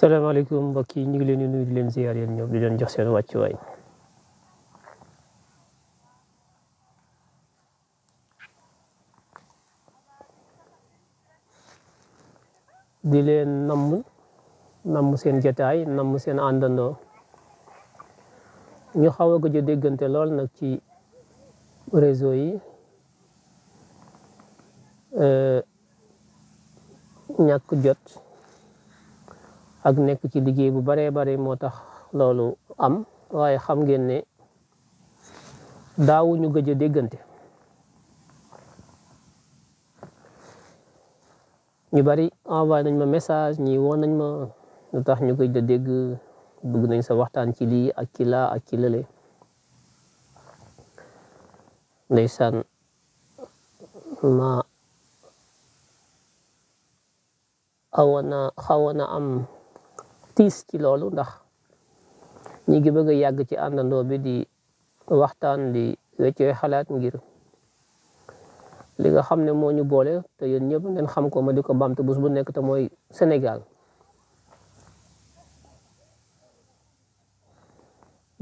salaamaaleykum mbokk yi ñu ngi leen di nuyu leen ziyaar yéen ñoom di leen jox seen way di leen namm namm seen jataay namm seen àndandoo ñu xaw a gëj a déggante lool nag ci réseau yi ñàkk jot ak nekk ci liggéey bu baree bare moo tax loolu am waaye xam ngeen ne daawuñu gëj a déggante ñu bari envoyé nañ ma message ñi woon nañ ma lu tax ñu gëj dégg bëgg nañ sa waxtaan ci lii ak ci laa ak ci lële ndeysaan ma xawoon na xawoon na am tiis ci loolu ndax ñi ngi bëgg a yàgg ci àndandoo bi di waxtaan di weccee xalaat ngir li nga xam ne moo ñu boole te yéen ñëpp ngeen xam ko ma di ko bamte bés bu nekk te mooy Sénégal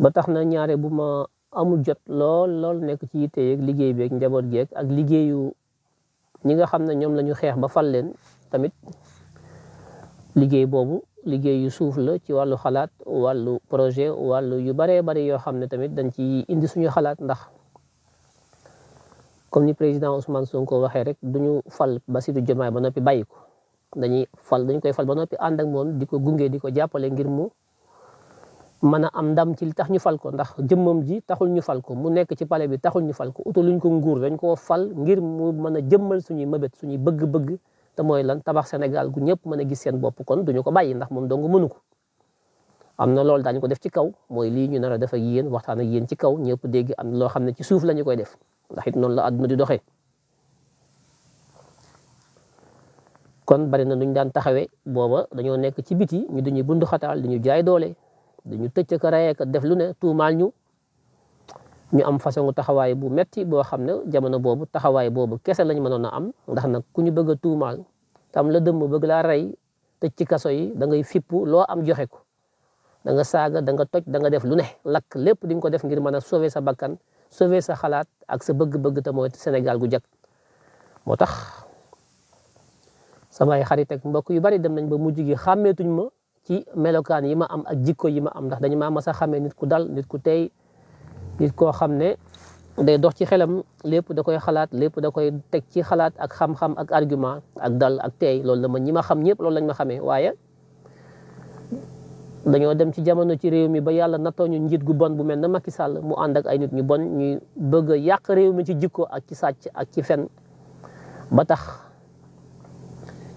ba tax na ñaare bu ma amul jot lool lool nekk ci yitte yeeg liggéey beeg njaboot geek ak liggéeyu ñi nga xam ne ñoom la ñu xeex ba fal leen tamit liggéey boobu liggéey yu suuf la ci wàllu xalaat wàllu projet wàllu yu baree bari yoo xam ne tamit dañ ci indi suñu xalaat ndax comme ni président Ousmane ko waxee rek duñu fal Bassirou Diomaye ba noppi bàyyi ko dañuy fal dañ koy fal ba noppi ànd ak moom di ko gunge di ko jàppale ngir mu mën a am ndam ci li tax ñu fal ko ndax jëmmam ji taxul ñu fal ko mu nekk ci palais bi taxul ñu fal ko uta luñ ko nguur dañ koo fal ngir mu mën a jëmmal suñuy mëbét suñuy bëgg-bëgg te mooy lan tabax senegal gu ñëpp mën a gis seen bopp kon duñu ko bàyyi ndax moom dong mënu ko am na loolu daañu ko def ci kaw mooy lii ñu nar a def ak yéen waxtaan ak yéen ci kaw ñëpp dégg am na loo xam ne ci suuf la ñu koy def ndax it noonu la àdduna di doxe kon bari na nuñ daan taxawee booba dañoo nekk ci biti ñu dañuy bundu xataal dañu jaay doole dañu tëcc ka rayee ka def lu ne tuumaal ñu. ñu am façon taxawaay bu metti boo xam ne jamono boobu taxawaay boobu kese lañ mënoon a am ndax nag ku ñu bëgg a tuumaal tam la dëmm bëgg laa rey tëj ci kaso yi da ngay fippu loo am joxe ko danga nga saaga da nga toj da def lu ne lakk lépp di ko def ngir mën a sauver sa bakkan sauver sa xalaat ak sa bëgg-bëgg ta te mooy senegal gu jag moo tax samay xarit ak mbokk yu bari dem nañ ba mujj gi xàmmeetuñ ma ci melokaan yi ma am ak jikko yi ma am ndax dañu nit koo xam ne day dox ci xelam lépp da koy xalaat lépp da koy teg ci xalaat ak xam-xam ak argument ak dal ak teey loolu la ñi ma xam ñëpp loolu lañ ma xamee waaye dañoo dem ci jamono ci réew mi ba yàlla nattoo ñu njiit gu bon bu mel na Macky Sall mu ànd ak ay nit ñu bon ñu bëgg a yàq réew mi ci jikko ak ci sàcc ak ci fen ba tax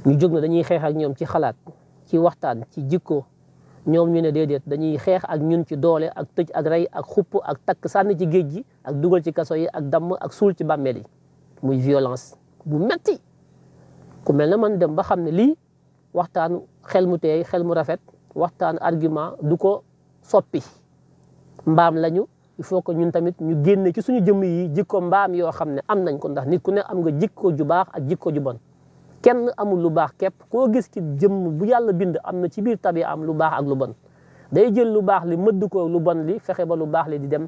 ñu jóg na dañuy xeex ak ñoom ci xalaat ci waxtaan ci jikko ñoom ñu ne déedéet dañuy xeex ak ñun ci doole ak toj ak rey ak xupp ak takk sànni ci géej gi ak dugal ci kaso yi ak damm ak suul ci bàmmeel yi muy violence bu metti ku mel ne man dem ba xam ne lii waxtaan xel mu teey xel mu rafet waxtaan argument du ko soppi mbaam lañu il faut que ñun tamit ñu génne ci suñu jëmm yi jikko mbaam yoo xam ne am nañ ko ndax nit ku ne am nga jikko ju baax ak jikko ju bon kenn amul lu baax képp koo gis ci jëmm bu yàlla bind am na ci biir tabi am lu baax ak lu bon day jël lu baax li mëdd ko lu bon li fexe ba lu baax li di dem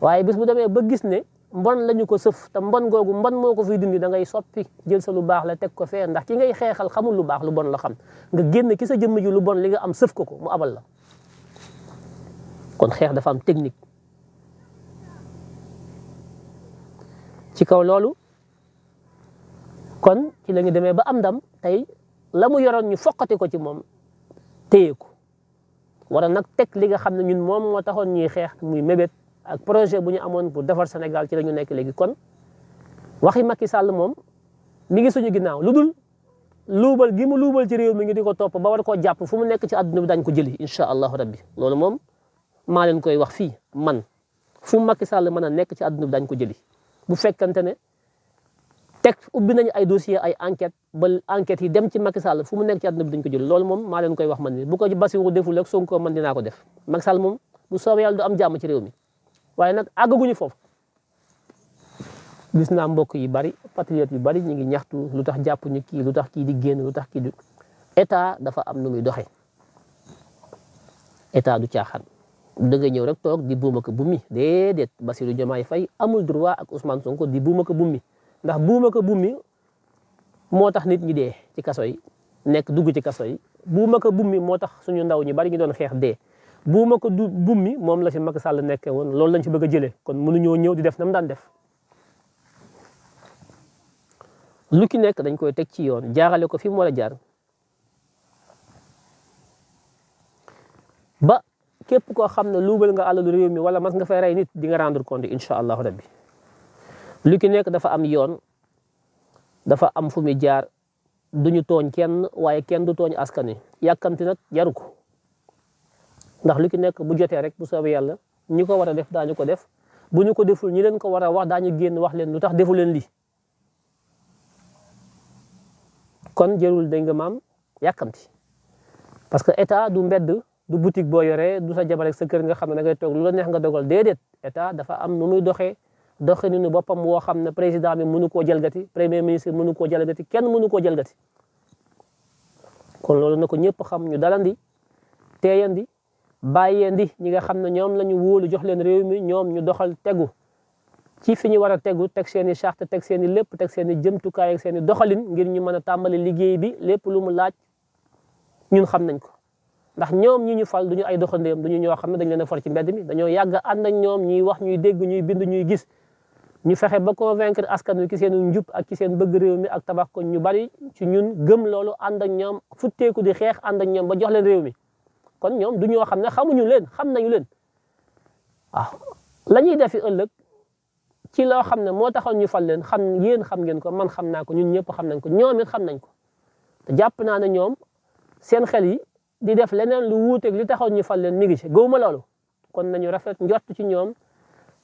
waaye bis bu demee ba gis ne mbon lañu ko sëf te mbon googu mbon moo ko fiy dindi da ngay soppi jël sa lu baax la teg ko fee ndax ki ngay xeexal xamul lu baax lu bon la xam nga génn ki sa jëmm ji lu bon li nga am sëf ko ko mu abal la kon xeex dafa am technique ci kaw loolu kon ci la demee ba am dam tey la mu yoroon ñu foqati ko ci moom téye ko war nag teg li nga xam ne ñun moom moo taxoon ñuy xeex muy mébét ak projet bu ñu amoon pour defar Sénégal ci la ñu nekk léegi kon waxi makki Sall moom mi ngi suñu ginnaaw lu dul luubal gi mu luubal ci réew mi ngi di ko topp ba war koo jàpp fu mu nekk ci àdduna bi dañ ko jëli incha allahu rabbi loolu moom maa leen koy wax fii man fu makki Sall mën nekk ci àdduna bi dañ ko jëli bu fekkente ne teg ubbi nañu ay dossier ay enquête ba enquête yi dem ci Macky Sall fu mu nekk ci àdduna bi dañu ko jël loolu moom maa leen koy wax man ni bu ko Bassirou deful ak Sonko man dinaa ko def Macky Sall moom bu soobee yàlla du am jàmm ci réew mi waaye nag àggaguñu foofu gis naa mbokk yi bari patriote yu bari ñu ngi ñaxtu lu tax jàpp ñu kii lu tax kii di génn lu tax kii di état dafa am nu muy doxee état du caaxaan da nga ñëw rek toog di buuma ko bummi déedéet Bassirou Diomaye Faye amul droit ak Ousmane Sonko di buuma ko bummi ndax buuma ko bummi moo tax nit ñi dee ci kaso yi nekk dugg ci kaso yi buuma ko bummi moo tax suñu ndaw ñi bari ñu doon xeex dee buuma ko du bummi moom la fi Macky Sall nekkee woon loolu lañ ci bëgg a jëlee kon mënuñoo ñëw di def nam daan def lu ki nekk dañ koy teg ci yoon jaarale ko fi mu war a jaar ba képp koo xam ne luubal nga alalu réew mi wala mas nga fay rey nit di nga rendre compte incha allahu rabbi lu ki nekk dafa am yoon dafa am fu muy jaar duñu tooñ kenn waaye kenn du tooñ askan wi yàkkamti nag jaru ko ndax lu ki nekk bu jotee rek bu soobee yàlla ñu ko war a def daañu ko def bu ñu ko deful ñi leen ko war a wax daañu génn wax leen lu tax defu leen lii kon jërul da nga maam yàkkamti parce que état du mbedd du boutique boo yoree du sa jabar ak sa kër nga xam ne da ngay toog lu la neex nga dogal déedéet état dafa am nu muy doxee nu boppam woo xam ne président bi mënu koo jalgati premier ministre mënu koo jalgati kenn mënu koo jalgati kon loolu na ko ñëpp xam ñu dalandi teeyandi bàyyendi ñi nga xam ne ñoom la ñu wóolu jox leen réew mi ñoom ñu doxal tegu ci fi ñu war a tegu teg seen i charte teg seen i lépp teg seen i jëmtukaay ak seen doxalin ngir ñu mën a liggéey bi lépp lu mu laaj ñun xam nañ ko ndax ñoom ñi ñu fal du ñu ay doxandéem du ñu ñoo xam ne dañ leen a for ci mbedd mi dañoo yàgg ànd ak ñoom ñuy ñuy dégg ñuy bind ñuy gis ñu fexe ba convaincre askan wi ci seen njub ak ci seen bëgg réew mi ak tabax ko ñu bari ci ñun gëm loolu ànd ak ñoom futteeku di xeex ànd ak ñoom ba jox leen réew mi kon ñoom du ñoo xam ne xamuñu leen xam nañu leen waaw la ñuy defi ëllëg ci loo xam ne moo taxoon ñu fal leen xam yéen xam ngeen ko man xam naa ko ñun ñëpp xam nañ ko ñoom it xam nañ ko te jàpp naa ne ñoom seen xel yi di def leneen lu wuuteeg li taxoon ñu fal leen mi ngi ci loolu kon nañu rafet njort ci ñoom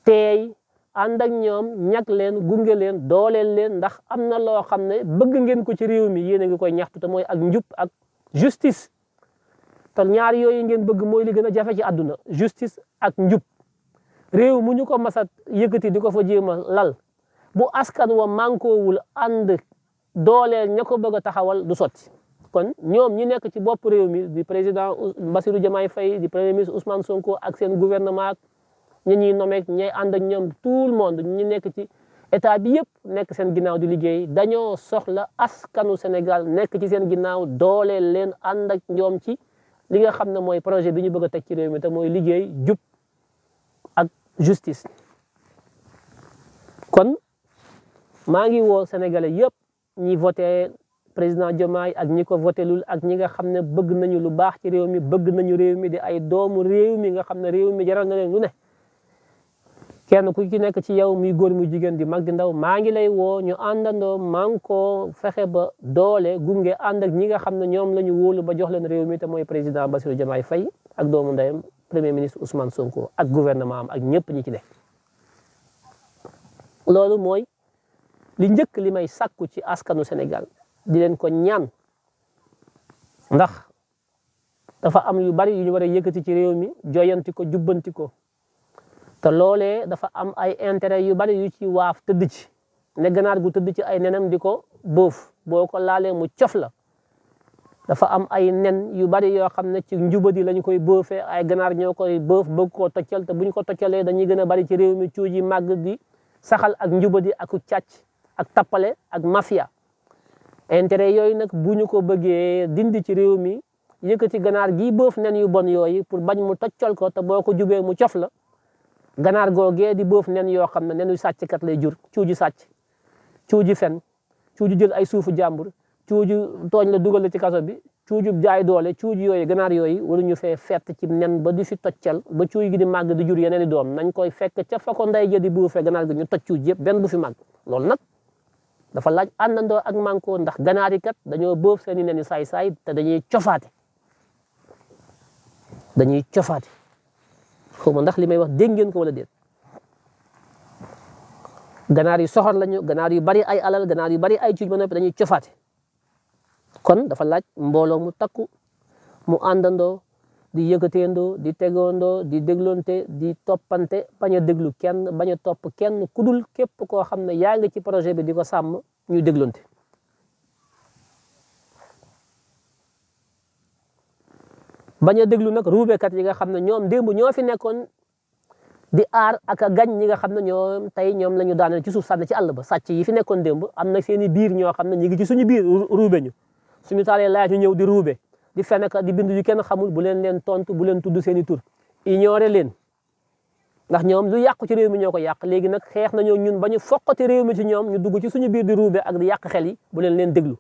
teey ànd ak ñoom ñag leen gunge leen dooleel leen ndax am na loo xam ne bëgg ngeen ko ci réew mi yéen a ngi koy ñaxtu te mooy ak njub ak justice te ñaar yooyu ngeen bëgg mooy li gën a jafe ci àdduna justice ak njub réew mu ñu ko masa yëkkati di ko fa jéem a lal bu askan wa mànkoowul ànd dooleel ña ko bëgg a taxawal du sotti kon ñoom ñi nekk ci bopp réew mi di président Bassirou Diomaye Faye di premier ministre Ousmane Sonko ak seen gouvernement ñi ñuy nomee ñay ànd ak ñoom tout le monde ñu nekk ci état bi yëpp nekk seen ginnaaw di liggéey dañoo soxla askanu Sénégal nekk ci seen ginnaaw dooleel leen ànd ak ñoom ci li nga xam ne mooy projet bi ñu bëgg a teg ci réew mi mooy liggéey jub ak justice. kon maa ngi woo sénégalais yëpp ñi voté président Diomaye ak ñi ko voté lul ak ñi nga xam ne bëgg nañu lu baax ci réew mi bëgg nañu réew mi di ay doomu réew mi nga xam ne réew mi jaral na leen lu ne. kenn ku ci nekk ci yow muy góor muy jigéen di mag di ndaw maa ngi lay woo ñu àndandoo maa ngi koo fexe ba doole gunge ànd ak ñi nga xam ne ñoom la ñu wóolu ba jox leen réew mi te mooy président Bassirou Diomaye Faye ak doomu ndeyam premier ministre Ousmane Sonko ak gouvernement am ak ñëpp ñi ci nekk. loolu mooy li njëkk li may sakku ci askanu Sénégal di leen ko ñaan ndax dafa am yu bari yu ñu war a ci réew mi joyanti ko jubbanti ko. te loolee dafa am ay intérêt yu bari yu ci waaf tëdd ci ne ganaar gu tëdd ci ay nenam di ko bóof boo ko laalee mu cof la dafa am ay nen yu bari yoo xam ne ci njubadi lañ koy bóofee ay ganaar ñoo koy bóof bëgg koo toccal te buñ ko toccalee dañuy gën a bari ci réew mi cuuj yi màgg di saxal ak njubadi ak càcc ak tappale ak mafia intérêt yooyu nag buñu ko bëggee dindi ci réew mi yëkkati ganaar gi bóof nen yu bon yooyu pour bañ mu toccal ko te boo ko jubee mu cof la ganaar gee di boof nen yoo xam ne nenu sàcckat lay jur cuuju sàcc cuuju fen cuuju jël ay suufu jàmbur cuuju tooñ la dugal la ci kaso bi cuuju jaay doole cuuju yooyu ganaar yooyu ñu fee fett ci nen ba di fi toccal ba cuuj gi di màgg di jur yeneen i doom nañ koy fekk ca fa ko nday ja di buufee ganaar gi ñu toj cuuj yëpp benn bu fi màgg loolu nag dafa laaj àndandoo ak mànkoo ndax ganaar yi kat dañoo boof seen i nen yi saay-saay te dañuy cofaate dañuy cofaate xaw ma ndax li may wax dégg ngeen ko wala déet ganaar yu soxor lañu ganaar yu bari ay alal ganaar yu bari ay cuuj ba noppi dañuy cofaate kon dafa laaj mbooloo mu takku mu àndandoo di yëkkateendoo di tegoondoo di dégloonte di toppante bañ a déglu kenn bañ a topp kenn ku dul képp koo xam ne yaa ngi ci projet bi di ko sàmm ñu dégloonte bañ a déglu nag ruubekat yi nga xam ne ñoom démb ñoo fi nekkoon di aar ak a ñi nga xam ne ñoom tey ñoom la ñu daaneel ci suuf sànni ci àll ba sàcc yi fi nekkoon démb am na seen biir ñoo xam na ñu ngi ci suñu biir ruube ñu suñu taalee laaj ñu ñëw di ruube di feneka di bind yu kenn xamul bu leen leen tontu bu leen tudd seen i tur ignoré leen ndax ñoom lu yàqu ci réew mi ñoo ko yàq léegi nag xeex nañoo ñun ba ñu foqati réew mi ci ñoom ñu dugg ci suñu biir di ruube ak di yàq xel yi bu leen leen déglu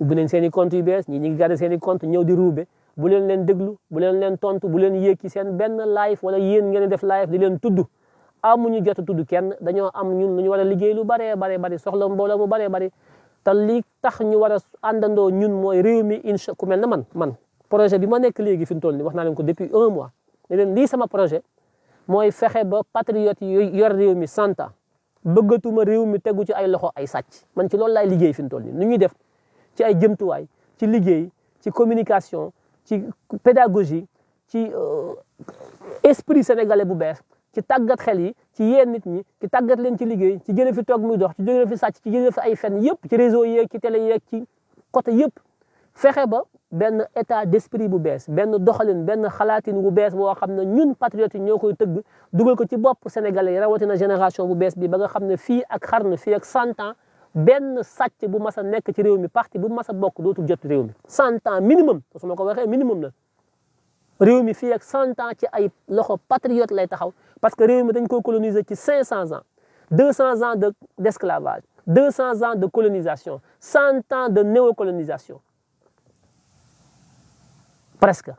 ubbi nañ seen i compte yu ñu ngi seen i ñëw di ruube bu leen leen déglu bu leen leen tontu bu leen yéeki seen benn live wala yéen ngeen def live di leen tudd amuñu jot a tudd kenn dañoo am ñun lu ñu war a liggéey lu baree baree bari soxla mbooloo mu baree bari te li tax ñu war a àndandoo ñun mooy réew mi incha ku mel ne man man projet bi ma nekk léegi fi mu toll ni wax naa leen ko depuis un mois ne leen lii sama projet mooy fexe ba patriote yi yor réew mi sant bëggatuma réew mi tegu ci ay loxo ay sàcc man ci loolu laay liggéey fi mu toll nii nu ñuy def ci ay jëmtuwaay ci liggéey ci communication ci pédagogie ci euh, esprit sénégalais bu bees ci tàggat xel yi ci yéen nit ñi ci tàggat leen ci liggéey ci jëlee fi toog muy dox ci jëlee fi sàcc ci jëlee fi ay fen yëpp ci réseau yeeg ci télé yeeg ci côté yëpp fexe ba benn état d'esprit bu bees benn doxalin benn xalaatin bu bees boo xam ne ñun patriotes yi ñoo koy tëgg dugal ko ci bopp sénégalais yi rawatina génération bu bees bi ba nga xam ne fii ak na fii ak cent benn sàcc bu mas nekk ci réew mi parti bu mas a bokk dootul jot réew mi cent ans minimum su ma ko waxee minimum na réew mi fii ak cent ans ci ay loxo patriote lay taxaw parce que réew mi dañ ko coloniser ci cinq cent ans deux cent ans de d' esclavage deux cent ans de colonisation cent ans de néocolonisation presque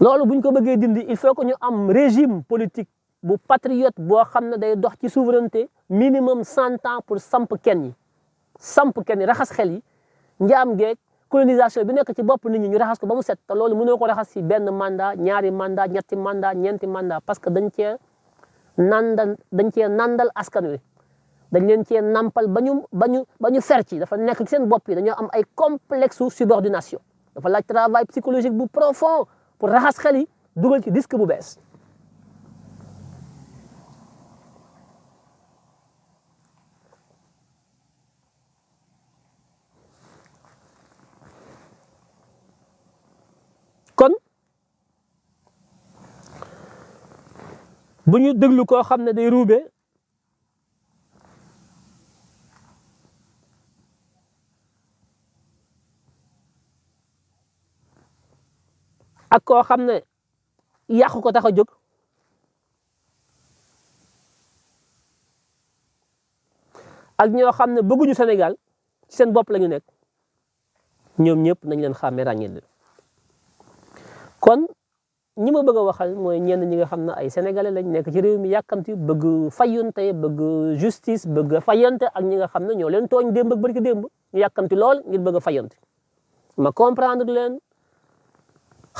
loolu bu ñu ko bëggee dindi il faut que ñu am régime politique bu patriote boo xam ne day dox ci souveraineté minimum cent ans pour samp kenn yi samp kenn yi raxas xel yi njaam geeg colonisation bi nekk ci bopp nit ñi ñu raxas ko ba mu set loolu loolu noo ko raxas si benn manda ñaari manda ñetti mandat ñeenti manda parce que dañ cee nandal dañ cee nandal askan wi dañ leen cee nampal ba ñu ba ñu ba ñu fer ci dafa nekk seen bopp yi dañoo am ay complexe subordination dafa laaj travail psychologique bu profond pour raxas xel yi dugal ci disque bu bees bu ñu déglu koo xam ne day ruube ak koo xam ne yàqu ko tax a jóg ak ñoo xam ne bëgguñu Sénégal ci seen bopp la ñu nekk ñoom ñëpp nañ leen xàmme ràññee leen kon ñi ma bëgg a waxal mooy ñenn ñi nga xam ne ay sénégalais lañ nekk ci réew mi yàkkamti bëgg fayante bëgg justice bëgg fayante ak ñi nga xam ne ñoo leen tooñ démb ak barki démb ñu lool ngir bëgg a fayante ma comprendre leen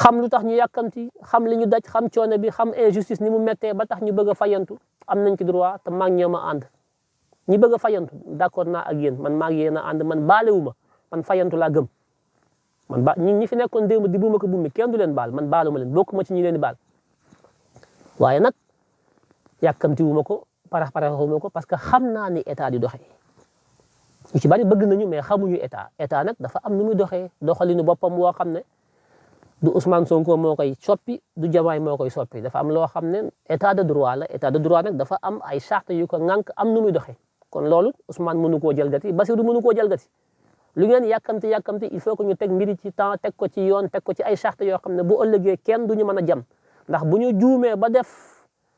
xam lu tax ñu yàkkamti xam li ñu daj xam coono bi xam injustice ni mu méttee ba tax ñu bëgg a fayantu am nañ ci droit te maa ngi ñoom a ànd ñi bëgg a fayantu d'accord naa ak yéen man maa ngi yéen a ànd man baalewu ma man fayantu laa gëm man ba ñi ñi fi nekkoon démb di buuma ko bummi kenn du leen baal man baaluma leen bokkuma ci ñi leen baal waaye nag yàkkamti wu ma ko parax parax wu ma ko parce que xam naa ni état di doxee ñu ci bari bëgg nañu mais xamuñu état état nag dafa am nu muy doxee doxalinu boppam woo xam ne du Ousmane Sonko moo koy soppi du Diomaye moo koy soppi dafa am loo xam ne état de droit la état de droit nag dafa am ay charte yu ko ŋànk am nu muy doxee kon loolu Ousmane mënu koo jalgati Bassirou mënu koo jalgati lu ngeen yàkkamti yàkkamti il faut que ñu teg mbiri ci temps teg ko ci yoon teg ko ci ay charte yoo xam ne bu ëllëgee kenn du ñu mën a jam ndax bu ñu juumee ba def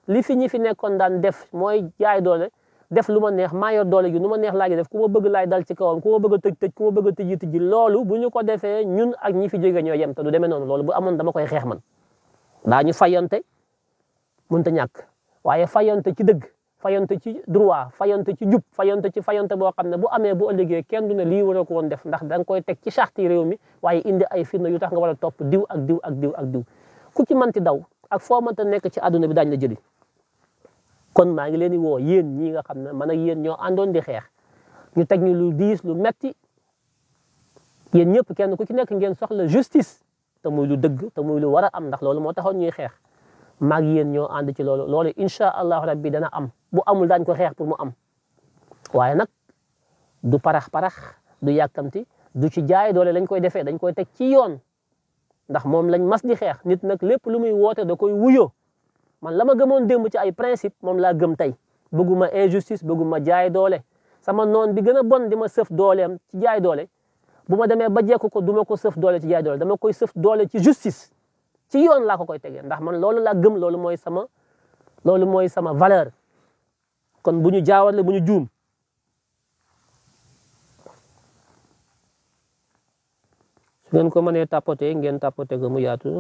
li fi ñi fi nekkoon daan def mooy jaay doole def lu ma neex maa doole gi nu ma neex laaji def ku ma bëgg laay dal ci kawam ku ma bëgg a tëj tëj ku ma bëgg a tëjji tëjji loolu bu ñu ko defee ñun ak ñi fi jóge ñoo yem te demee noonu loolu bu amoon dama koy xeex man daa ñu fayante mënta ñàkk waaye fayante ci dëgg fayante ci droit fayante ci jub fayante ci fayante boo xam ne bu amee bu ëllëgee kenn du ne lii waroo ko woon def ndax da koy teg ci charte yi réew mi waaye indi ay fir na yu tax nga war a topp diw ak diw ak diw ak diw ku ci mënti daw ak foo mënta nekk ci àdduna bi daañ la jëli kon maa ngi leen di woo yéen ñii nga xam ne man ak yéen ñoo àndoon di xeex ñu teg ñu lu diis lu metti yéen ñëpp kenn ku ci nekk ngeen soxla justice te muy lu dëgg te muy lu war a am ndax loolu moo taxoon ñuy xeex maag yéen ñoo ànd ci loolu loolu incha allahu dana am bu amul daañ ko xeex pour mu am waaye nag du parax-parax du yàkkamti du ci jaay doole lañ koy defee dañ koy teg ci yoon ndax moom lañ mas di xeex nit nag lépp lu muy woote da koy wuyoo man la ma gëmoon démb ci ay principe moom laa gëm tey bëgguma injustice bëgguma jaay doole sama noon bi gën a bon di ma sëf dooleem ci jaay doole bu ma demee ba jekk ko du ma ko sëf doole ci jaay doole dama koy sëf doole ci justice ci yoon laa ko koy tegee ndax man loolu laa gëm loolu mooy sama loolu mooy sama valeur kon bu ñu jaawale bu ñu juum su ngeen ko mënee tapote ngeen tapote ko mu yaatu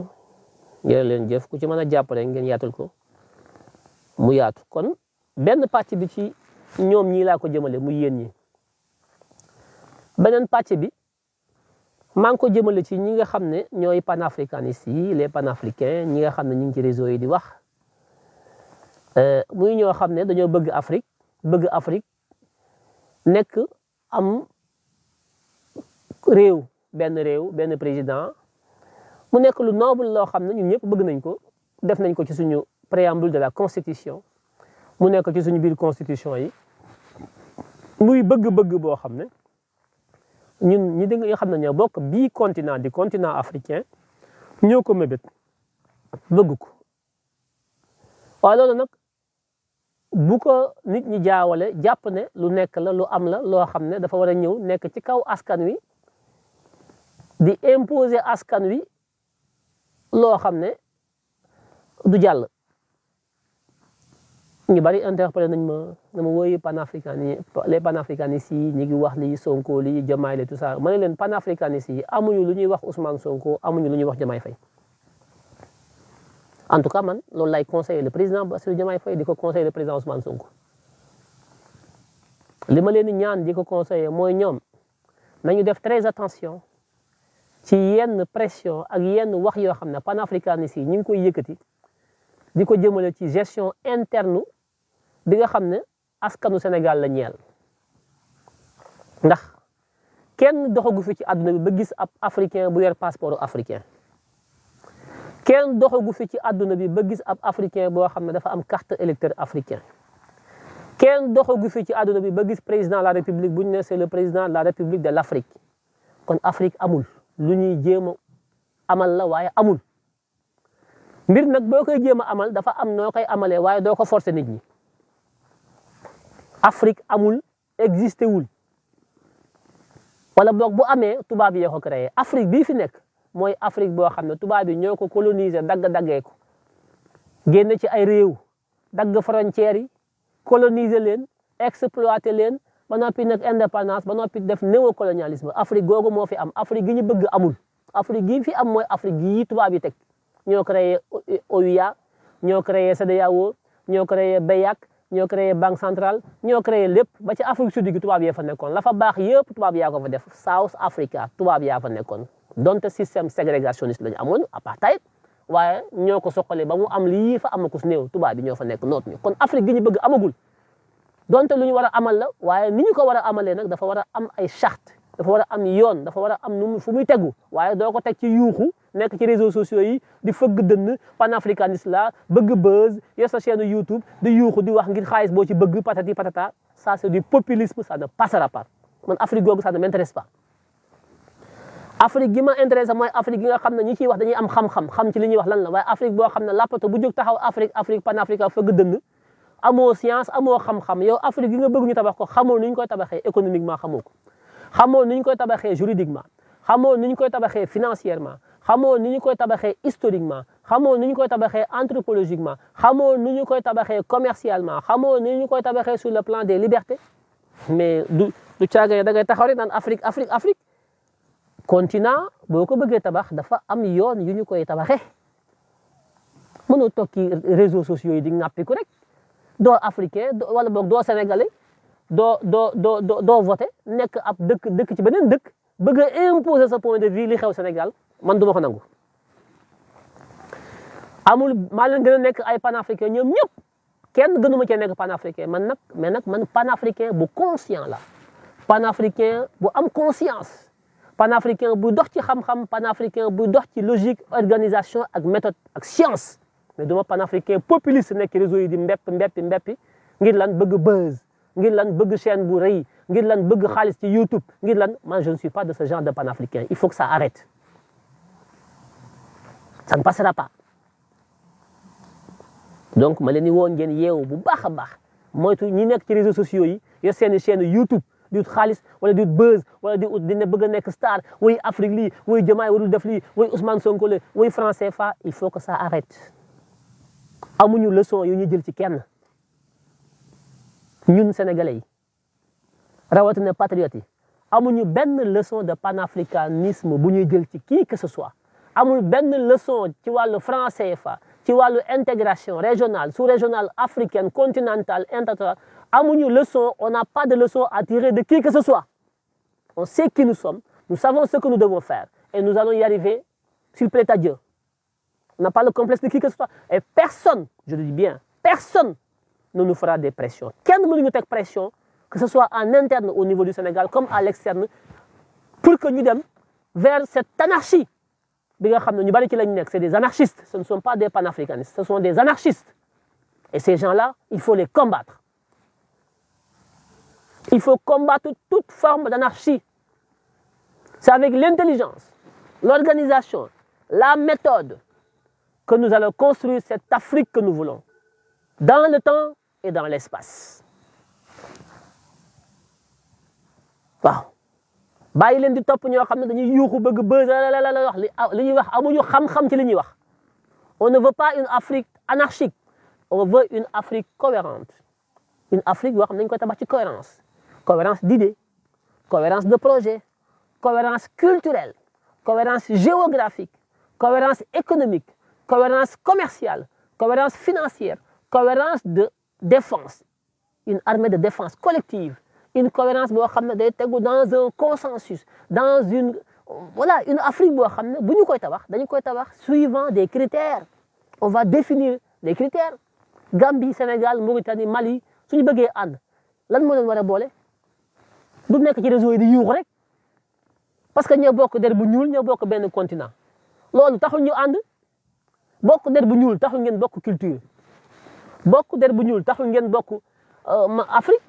ngeen leen jëf ku ci mën a jàppale ngeen yaatal ko mu yaatu kon benn pàcc bi ci ñoom ñii laa ko jëmale mu yéen ñi beneen pàcc bi maa ngi ko jëmale ci ñi nga xam ne ñooy panafricanistes yi les panafricains ñi nga xam ne ñu ngi ci réseau yi di wax Euh, muy ñoo xam ne dañoo bëgg Afrique bëgg Afrique nekk am réew benn réew benn président mu nekk lu noble loo xam ne ñun ñëpp bëgg nañ ko def nañ ko ci suñu préambule de la constitution mu nekk ci suñu biir constitution yi muy bëgg-bëgg boo xam ne ñun ñi di nga xam ne ñoo bokk bii continent di continent africain ñoo ko mébét bëgg ko waaye loolu nag bu ko nit ñi jaawale jàpp ne lu nekk la lu am la loo xam ne dafa war a ñëw nekk ci kaw askan wi di imposer askan wi loo xam ne du jàll ñu bari interpellé nañ ma dama wooyu panafricanis les panafricanistes yi ñu ngi wax lii Sonko li Diomaye lii tout ça ma ne leen panafricanistes yi amuñu lu ñuy wax Ousmane Sonko amuñu lu ñuy wax Diomaye Faye en tout cas man loolu lay conseiller le président Bassirou Diomaye Faye di ko conseiller le président Ousmane Sonko li ma leen di ñaan di ko conseiller mooy ñoom nañu def très attention ci yenn pression ak yenn wax yoo xam ne panafricanistes yi ñu ngi koy yëkkati di ko jëmale ci gestion interne bi nga xam ne askanu Sénégal la ñeel ndax kenn doxagu fi ci àdduna bi ba gis ab africain bu yor passeport africain kenn doxagu fi ci àdduna bi ba gis ab africain boo xam ne dafa am carte électeur africain kenn doxagu fi ci àdduna bi ba gis président la république bu ñu ne c'est le président de la république de l'Afrique kon Afrique amul lu ñuy jéem a amal la waaye amul mbir nag boo koy jéem a amal dafa am noo koy amalee waaye doo ko forcer nit ñi Afrique amul existé wul wala boog bu amee tubaab yeexo ko créé Afrique bii fi nekk. mooy Afrique boo xam ne tubaab yi ñoo ko coloniser dagg-daggee ko génn ci ay réew dagg frontières yi coloniser leen exploiter leen ba noppi nag independance ba noppi def néocolonialisme Afrique googu moo fi am Afrique gi ñu bëgg amul Afrique gi fi am mooy Afrique gi tubaab yi teg ñoo créé OUA ñoo créé CEDEAO ñoo créé BEAC ñoo créé banque central ñoo créé lépp ba ci Afrique sud gi tubaab yee fa nekkoon la fa baax yëpp tubaab yaa ko fa def South Africa tubaab yaa fa nekkoon donte système ségrégationniste la ñu amoon apartheid waaye ñoo ko soqalee ba mu am lii fa amakus néew tubaab bi ñoo fa nekk noot ñu kon Afrique gi ñu bëgg amagul donte lu ñu war a amal la waaye ni ñu ko war a amalee nag dafa war a am ay charte dafa war a am yoon dafa war a am nu fu muy tegu waaye doo ko teg ci yuuxu nekk ci réseaux sociaux yi di fëgg dënn panafricaniste la bëgg buzz yor sa chaîne YouTube di yuuxu di wax ngir xaalis boo ci bëgg patati patata ça c'est du populisme ça ne passera pas man Afrique googu ça ne Afrique gi ma intéressé mooy Afrique gi nga xam ne ñi ciy wax am xam-xam ci li ñuy wax lan la waaye Afrique boo xam ne làppato bu jóg taxaw Afrique Afrique panafrica fëgg dënn amoo science amoo xam-xam yow Afrique gi nga bëgg ñu tabax ko xamoo nu ñu koy tabaxee économiquement xamoo ko xamoo nu ñu koy tabaxee juridiquement xamoo nu ñu koy tabaxee financièrement xamoo nu ñu koy tabaxee historiquement xamoo nu ñu koy tabaxee anthropologiquement xamoo nu ñu koy tabaxee commercialement xamoo nu ñu koy tabaxee sur le plan des libertés mais du du caagay da ngay taxaw rek naan Afrique Afrique Afrique continent boo ko bëggee tabax dafa am yoon yu ñu koy tabaxee mënoo toog ci réseaux sociaux yi di nappiku rek doo africain wala boog doo sénégalais doo doo doo doo voté nekk ab dëkk dëkk ci beneen dëkk bëgg a imposer sa point de vue li xew Sénégal man du ma ko nangu. amul maa leen gën nekk ay panafricain ñoom ñëpp kenn gënu ma cee nekk panafricain man nag mais nag man panafricain bu conscient la panafricain bu am conscience. panafricain bu dox ci xam-xam panafricain bu dox ci logique organisation ak méthode ak science mais duma panafricain populiste nekk réseau yi di mbepp mbeppi mbeppi ngir lan bëgg buzz ngir lan bëgg chaîne bu rey ngir lan bëgg xaalis ci YouTube ngir lan man je ne suis pas de ce genre de panafricain il faut que ça arrête ça passera pas donc ma leen di woon ngeen yeewu bu baax a baax moytu ñi nekk ci réseaux sociaux yi yor seeni chaîne YouTube di ut xaalis wala di ut buzz wala di ut dina bëgg a nekk star woy Afrique lii wuy Diomaye warul def lii woy Ousmane Sonko le woy franc CFA il faut que ça arrête amuñu leçon yu ñu jël ci kenn ñun sénégalais yi rawatina patriotes yi amuñu benn leçon de panafricanisme bu ñuy jël ci qui que ce soit amul benn leçon ci wàllu franc CFA ci wàllu integration régionale sous-régionale africaine continentale internationale amuñu leçon on n'a pas de leçon à tirer de qui que ce soit on sait qui nous sommes nous savons ce que nous devons faire et nous allons y arriver s'il plaît à Dieu on n'a pas le complexe de qui que ce soit et personne je le dis bien personne ne nous fera des pressions kenn mënuñu teg pression que ce soit en interne au niveau du Sénégal comme à l'externe pour que ñu dem vers cette anarchie bi nga xam ne ñu bari ci lañu nekk c'est des anarchistes ce ne sont pas des panafricanistes ce sont des anarchistes et ces gens faut les combattre Il faut combattre toute forme d'anarchie. C'est avec l'intelligence, l'organisation, la méthode que nous allons construire cette Afrique que nous voulons, dans le temps et dans l'espace. waaw bàyyi leen di topp ñoo xam ne dañuy yuuxu bëgg bës la la wax ah, li ñuy wax amuñu xam-xam ci li ñuy wax on ne veut pas une Afrique anarchique on veut une Afrique cohérente une Afrique boo xam ne dañu koy tabax ci cohérence cohérence d'idées, cohérence de projet, cohérence culturelle, cohérence géographique, cohérence économique, cohérence commerciale, cohérence financière, cohérence de défense, une armée de défense collective, une cohérence dans un consensus, dans une, voilà, une Afrique suivant des critères. On va définir les critères. Gambie, Sénégal, Mauritanie, Mali, si nous voulons, du nekk ci réseau yi di yuux rek parce que ñoo bokk der bu ñuul ñoo bokk benn continent loolu taxul ñu ànd bokk der bu ñuul taxul ngeen bokk culture bokku der bu ñuul taxul ngeen bokk euh, Afrique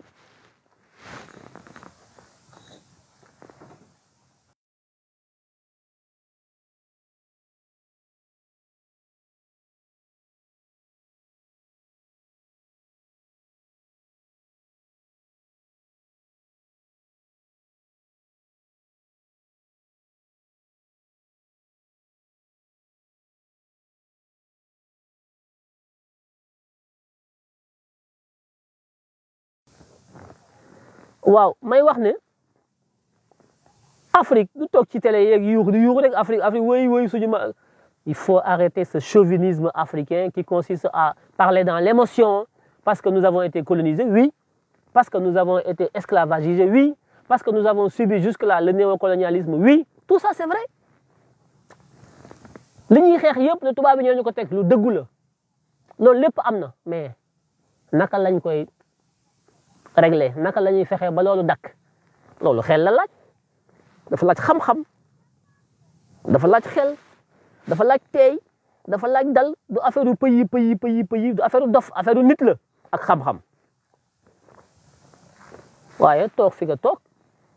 waaw may wax ne Afrique du toog ci télé yeeg yuuxu du yuuxu rek Afrique Afrique woy woy suñu ma il faut arrêter ce chauvinisme africain qui consiste à parler dans l'émotion parce que nous avons été colonisés, oui, parce que nous avons été esclavagisés, oui, parce que nous avons subi jusque-là le néocolonialisme, oui, tout ça c'est vrai. li ñuy xeex yëpp ne tubaab bi ñoo ñu ko teg lu dëggu la loolu lépp am na mais naka lañ koy réglé naka la ñuy fexee ba loolu dakk loolu xel la laaj dafa laaj xam-xam dafa laaj xel dafa laaj teey dafa laaj dal du affaire pays pays pays pays du affaire dof affaire nit la ak xam-xam waaye toog fi nga toog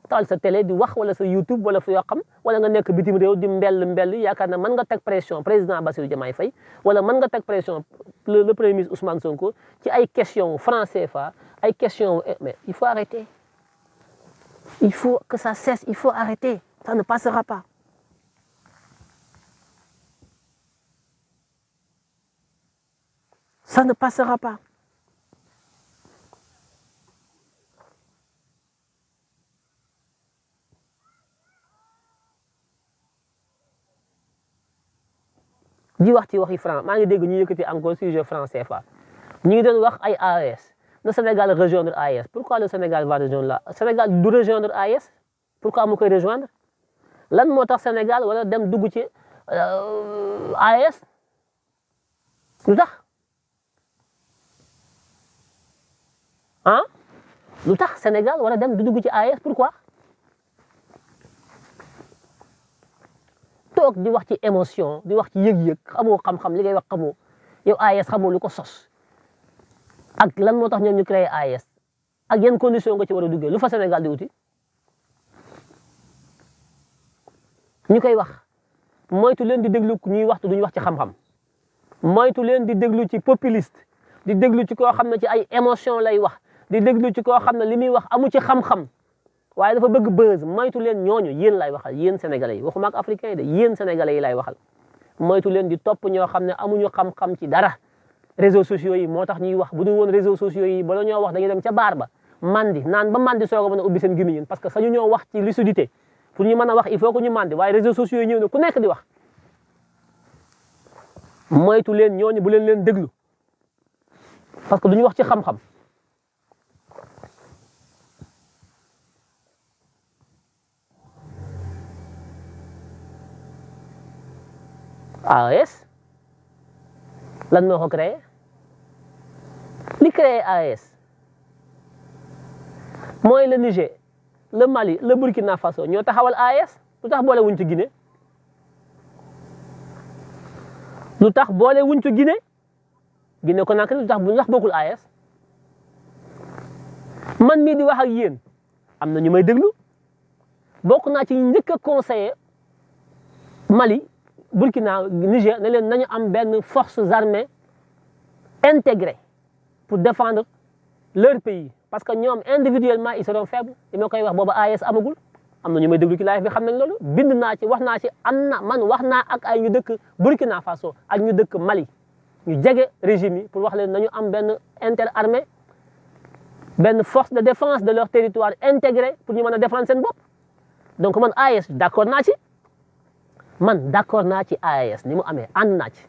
taal sa tele di wax wala sa YouTube wala fu yoo xam wala nga nekk bitim réew di mbell mbell yaakaar na mën nga teg pression président Bassirou Diomaye Faye wala mën nga teg pression le premier ministre Ousmane Sonko ci ay question franc CFA ay question eh, mais il faut arrêter il faut que ça cesse il faut arrêter ça ne passera pas ça ne passera pas di wax ci waxi franc maa ngi dégg ñu yëkkati encore sujet franc CFA ñu ngi doon wax ay AES le Sénégal rejoindre AES pourquoi le Sénégal va rejoindre la Sénégal du rejoindre AES pourquoi mu koy rejoindre lan moo tax Sénégal wala dem dugg ci euh, AES lu tax ah lu tax Sénégal wala dem du dugg ci AES pourquoi toog di wax ci émotion di wax ci yëg-yëg xamoo xam-xam li ngay wax xamoo yow AES lu ko sos. ak lan moo tax ñoom ñu créé AES ak yan condition nga ci war a duggee lu fa Sénégal di wuti ñu koy wax moytu leen di déglu ñuy waxtu duñu wax ci xam-xam moytu leen di déglu ci populiste di déglu ci koo xam ne ci ay émotion lay wax di déglu ci koo xam ne li muy wax amu ci xam-xam waaye dafa bëgg buzz moytu leen ñooñu yéen lay waxal yéen senegal yi waxuma ak africain yi de yéen sénégalais yi lay waxal moytu leen di topp ñoo xam ne amuñu xam ci dara réseaux sociaux yi moo tax ñuy wax bu dul woon réseaux sociaux yi bala ñoo wax dañuy dem ca baar ba mandi naan ba mandi soog a mën a ubbi seen ni parce que sañu ñoo wax ci lucidité pour ñu mën a wax il faut que ñu mandi waaye réseaux sociaux yi ñëw na ku nekk di wax moytu leen ñooñu bu leen leen déglu parce que du ñu wax ci xam-xam AES lan moo ko créé li créé s mooy le Niger le Mali le Burkina Faso ñoo taxawal AES lu tax boole wuñ ci Guinée lu tax boole wuñ ci Guinée Guinée Conakry lu tax bu ndax bokkul AES man mii di wax ak yéen am na ñu may déglu bokk naa ci njëkk a conseiller Mali Burkina Niger na leen nañu am benn force armées intégrées pour défendre leur pays parce que ñoom individuellement ils seront faibles li ma koy wax booba AES amagul am na ñu may déglu ci live bi xam nañ loolu bind naa ci wax naa ci am na man wax naa ak ay ñu dëkk Burkina Faso ak ñu dëkk Mali ñu jege régime yi pour wax leen nañu am benn interarmée benn force de défense de leur territoire intégré pour ñu mën a défendre seen bopp donc man AES d' accord naa ci man d' accord naa ci AES ni mu amee ànd naa ci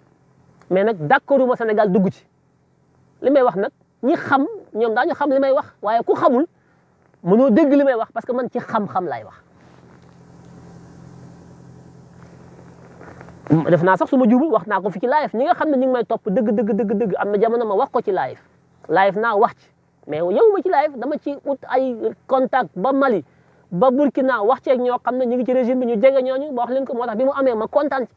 mais nag d' accorduma Sénégal dugg ci. li may wax nag ñi xam ñoom daañu xam li may wax waaye ku xamul mënoo dégg li may wax parce que man ci xam-xam laay wax. def naa sax su ma jubul wax naa ko fi ci live ñi nga xam ne ñu ngi may topp dëgg dëgg dëgg dëgg am na jamono ma wax ko ci live live naa wax ci mais yow ma ci live dama ci ut ay contact ba Mali ba Burkina wax ci ak ñoo xam ne ñu ngi ci régime bi ñu jege ñooñu ba wax leen ko moo tax bi mu amee ma kontaan ci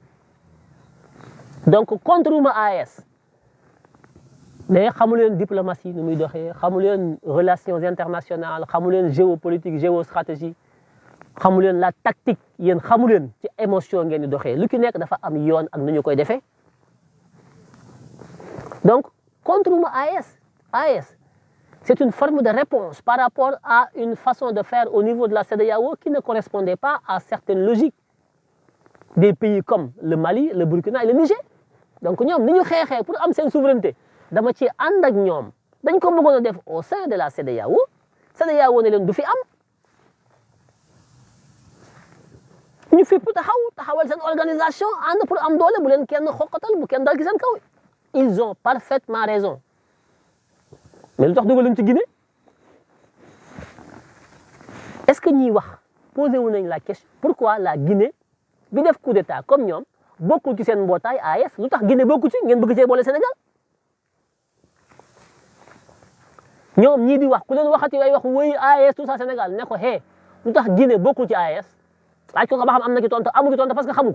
donc contre ma AES mais xamu leen diplomatie nu muy doxee xamu leen relations internationales xamu leen géopolitique géostratégie xamu leen la tactique yéen xamu leen ci émotion ngeen di doxee lu ki nekk dafa am yoon ak nu ñu koy defee donc contre ma AES AES c'est une forme de réponse par rapport à une façon de faire au niveau de la CEDEAO qui ne correspondait pas à certaines logiques des pays comme le Mali le Burkina et le Niger donc ñoom ni ñu xeexee pour am seen souveraineté dama ci ànd ak ñoom dañ ko bëggoon a def au sein de la sede CEDEAO CEDEAO ne leen du fi am ñu fipp taxaw taxawal seen organisation ànd pour am doole bu leen kenn xokkatal bu kenn dal ci seen kaw ils ont parfaitement raison mais lu tax dugaluñ ci Guinée est-ce que ñuy wax posé wu nañ la question pourquoi la Guinée bi def coup d'état comme ñoom bokkul ci seen mbootaay a lu tax Guinée bokku ci ngeen bëgg cee boole Sénégal ñoom ñii di wax ku leen waxati ay wax wéy AES tout ça Sénégal ne ko hee lu tax Guinée bokkul ci AES laaj ko ko ba xam am na ci tontu amu ci tontu parce que xamu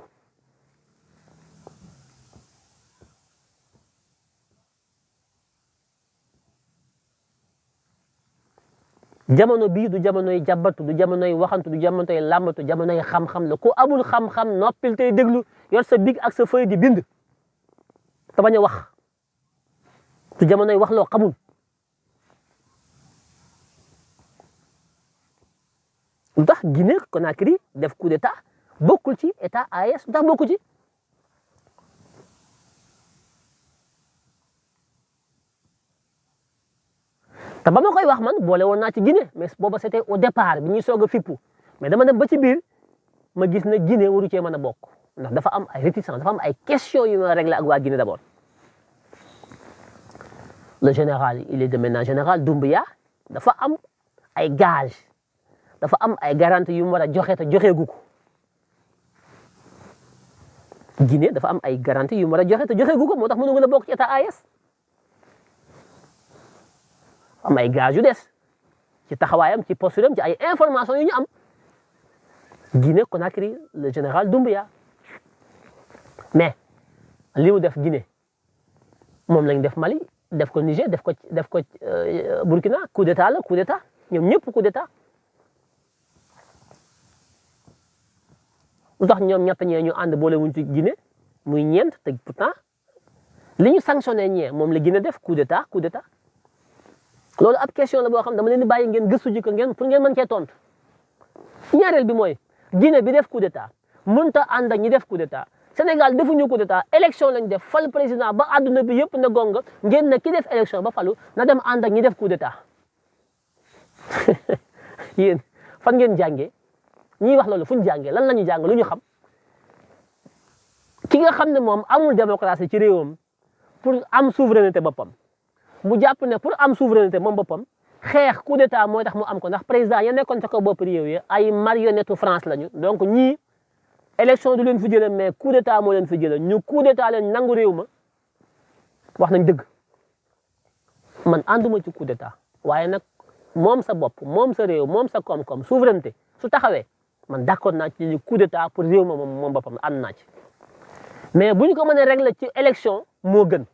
du jamono bii du jamonoy jàbbatu du jamonoy waxantu du jamonoy làmbatu jamonoy xam-xam la ku amul xam-xam noppil tey déglu yor sa big ak sa di bind te bañ a wax du jamonoy wax loo xamul. ndax Guinée Conakry def coup d'état bokkul ci état AES ndax bokku ci te ba ma koy wax man boole woon naa ci Guinée mais booba c'était au départ bi ñuy soog a fippu mais dama dem ba ci biir ma gis na Guinée waru cee mën a bokk ndax dafa am ay réticence dafa am ay questions yu ma réglé ak waa Guinée d'abord le général il est de maintenant général Doumbouya dafa am ay gages dafa am ay garanti yu mu war a joxe te joxeegu ko Guinée dafa am ay garanti yu mu war a joxe te joxeegu ko moo tax mënu la bokk ke ta AES am ay gaz yu des ci taxawaayam ci posture am ci ay information yu ñu am Guinée Conakry le général Doumbouya mais li mu def Guinée moom lañ def Mali def ko Niger def ko def ko euh, Burkina coup d'état la coup d'état ñoom ñëpp coup d'état lu tax ñoom ñett ñee ñu ànd boole wuñ ci Guinée muy ñeent te pourtant li ñu sanctionné ñee moom la Guinée def coup d'état coup d'état loolu ab question la boo xam dama leen di bàyyi ngeen gëstu ji ko ngeen pour ngeen mën cee tontu ñaareel bi mooy Guinée bi def coup d'état mënta ànd ak ñi def coup d'état Sénégal defuñu coup d'état élection lañ def fal président ba àdduna bi yëpp na gong ngeen ne ki def élection ba falu na dem ànd ak ñi def coup d'état yéen fan ngeen jàngee. ñiy wax loolu fu ñu jàngee lan la ñu jàng lu ñu xam ki nga xam ne moom amul démocratie ci réewam pour am souveraineté boppam mu jàpp ne pour am souveraineté moom boppam xeex coup d'état mooy tax mu am ko ndax président ya nekkoon ca ko bopp réew yi ay marionnette France la ñu donc ñii élection du leen fi jëlee mais coup d'état moo leen fi jëlee ñu coup d'état leen nangu réew ma wax nañ dëgg man ànduma ci coup d'état waaye nag moom sa bopp moom sa réew moom sa koom-koom su taxawee man d'accord naa ci coup d'état pour réew ma moom moom boppam ànd mais bu ñu ko mënee régler ci élection moo gën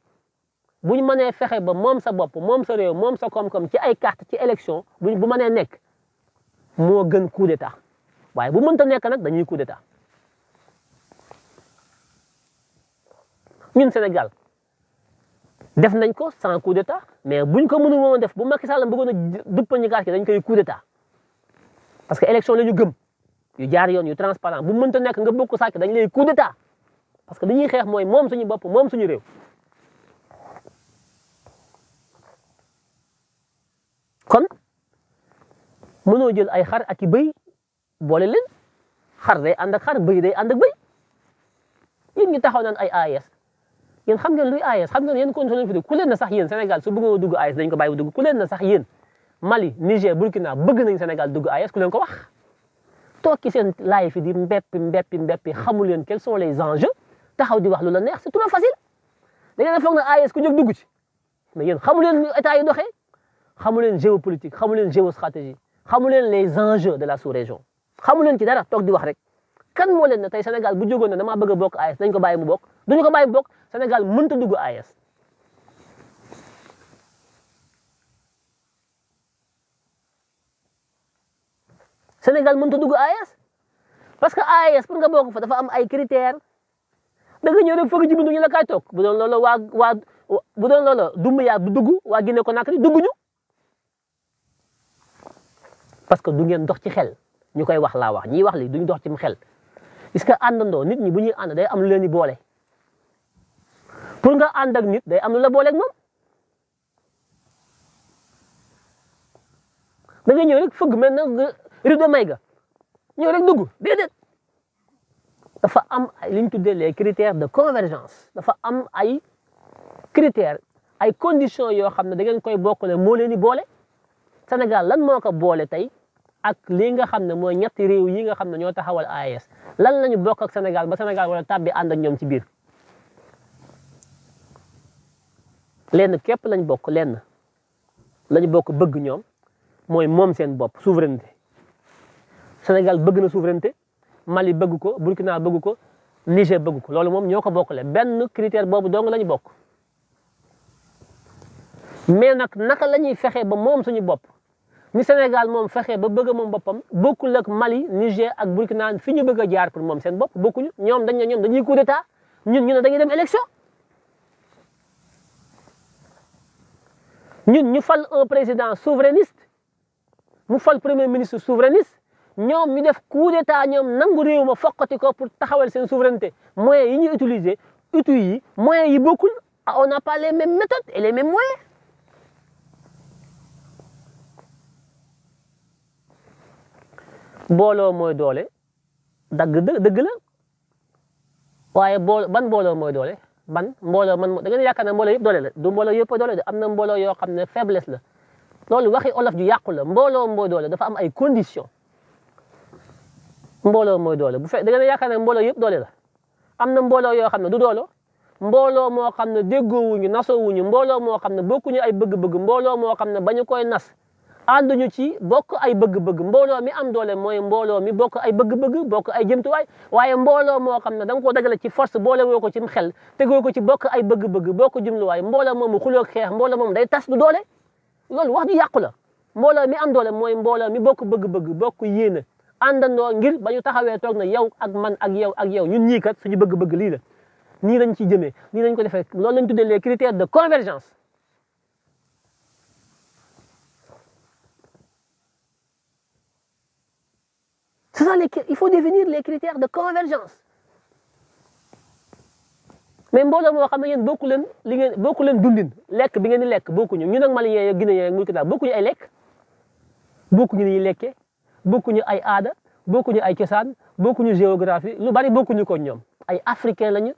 bu ñu mënee fexe ba moom sa bopp moom sa réew moom sa koom-koom ci ay carte ci élection bu bu mënee nekk moo gën coup d'état waaye bu ta nekk nag dañuy coup d'état ñun Sénégal def nañ ko sans coup d'état mais buñ ko mënu woon def bu Macky Sall bëggoon a duppa ñu kaat ki dañ koy coup d'état parce que élection la ñu gëm yu jaar yoon yu transparent bu mënta nekk nga bokk sàcc dañ lay coup d'état parce que li ñuy xeex mooy moom suñu bopp moom suñu réew. kon mënoo jël ay xar ak i bëy boole leen xar day ànd ak xar bëy day ànd ak bëy yéen ñu taxaw naan ay AES yéen xam ngeen luy AES xam ngeen yéen condition lañ fi dugg ku leen na sax yéen Sénégal su bëggoo dugg AES dañ ko bàyyi dugg ku leen na sax yéen Mali Niger Burkina bëgg nañ senegal dugg AES ku ko wax. toog ci seen live di mbéppi mbéppi beppi hmm. xamu leen quels sont les enjeux taxaw di wax lu la neex c'est trop facile da ngeen a foog na AES ku jóg dugg ci mais yéen xamu leen état yi doxee xamu leen géopolitique xamu leen géostratégie xamu leen les enjeux de la sous-région xamu leen ci dara toog di wax rek kan moo leen ne tey Sénégal bu jógoon ne damaa bëgg a bokk AES dañ ko bàyyi mu bokk duñu ko bàyyi mu bokk Sénégal mënta dugg AES Sénégal mënut a dugg e AES parce que AES pour nga bokk fa dafa am ay critères da nga ñëw rek foog ji ñu la kaay toog bu doon loola waa waa bu doon loola Dumbuya du dugg waa Guinée Conakry dugg ñu parce que du ngeen dox ci xel ñu koy wax laa wax ñiy wax li duñ dox ci xel gis àndandoo nit ñi bu ñuy ànd day am lu leen di boole pour nga ànd ak nit day am la booleeg moom. da na rido may ga ñëw rek dugg déedéet dafa am ay li ñu tuddee les critères de convergence dafa am ay critères ay conditions yoo xam ne da ngeen koy bokkale moo leen di boole Sénégal lan moo ko boole tey ak lii nga xam ne mooy ñetti réew yi nga xam ne ñoo taxawal AES lan lañu bokk ak Sénégal ba Sénégal wala tàbbi ànd ak ñoom ci biir lenn képp lañ bokk lenn lañu bokk bëgg ñoom mooy moom seen bopp souveraineté Sénégal bëgg na souveraineté Mali bëgg ko Burkina bëgg ko Niger bëgg ko loolu moom ñoo ko bokkale benn critère boobu dong la ñu bokk mais nag naka la ñuy fexe ba moom suñu bopp ni Sénégal moom fexe ba bëgg moom boppam bokku ak Mali Niger ak Burkina fi ñu bëgg a jaar pour moom seen bopp bokkuñu ñoom dañ ne ñoom dañuy coup d'état ñun ñu ne dañuy dem élection ñun ñu fal un président souverainiste mu fal premier ministre souverainiste ñoom ñu def coup d'état ñoom nangu réew ma foqati ko pour taxawal seen souveraineté moyens yi ñuy utiliser outils yi moyens yi bokkul ah, on n'a pas les mêmes méthodes et les mêmes moyens mooy doole dagg dëgg la waaye bool ban mbooloo mooy doole ban mbooloo man da ngeen yaakaar ne mbooloo yëpp doole la du mbooloo yëpp doole de am na mbooloo yoo xam ne faiblesse la loolu waxi olof ju yàqu la mbooloo mooy doole dafa am ay conditions mbooloo mooy doole bu fe da ngeen yaakaar ne mbooloo yëpp doole la am na mbooloo yoo xam ne du doolo mbooloo moo xam ne déggoowuñu wuñu mbooloo moo xam ne bokkuñu ay bëgg-bëgg mbooloo moo xam ne bañu koy nas ànduñu ci bokk ay bëgg-bëgg mbooloo mi am doole mooy mbooloo mi bokk ay bëgg-bëgg bokk ay jëmtuwaay waaye mbooloo moo xam ne da nga ko dajale ci force boole woo ko ci xel tegoo ko ci bokk ay bëgg-bëgg bokk jumluwaay mbooloo moomu xuloo xeex mbooloo moomu day tas du doole loolu wax ju yàqu la mbooloo mi am doole mooy mbooloo mi bokk bëgg-bëgg bokk yéene àndandoo ngir ba ñu taxawee toog na yow ak man ak yow ak yow ñun ñii kat suñu bëgg-bëgg lii la nii lañ ciy jëmee nii lañ ko defee loolu lañ tuddee les critères de convergence c'est ça les il faut définir les critères de convergence mais moo xam ne yéen bokku leen li ngeen bokku leen dundin lekk bi ngeen di lekk bokkuñu ñun ak malien yeeg guinéen yeeg muy ko daal bokkuñu ay lekk bokkuñu ni ñuy lekkee bokkuñu ay aada bokkuñu ay cosaan bokkuñu géographie lu bari bokkuñu ko ñoom ay la lañu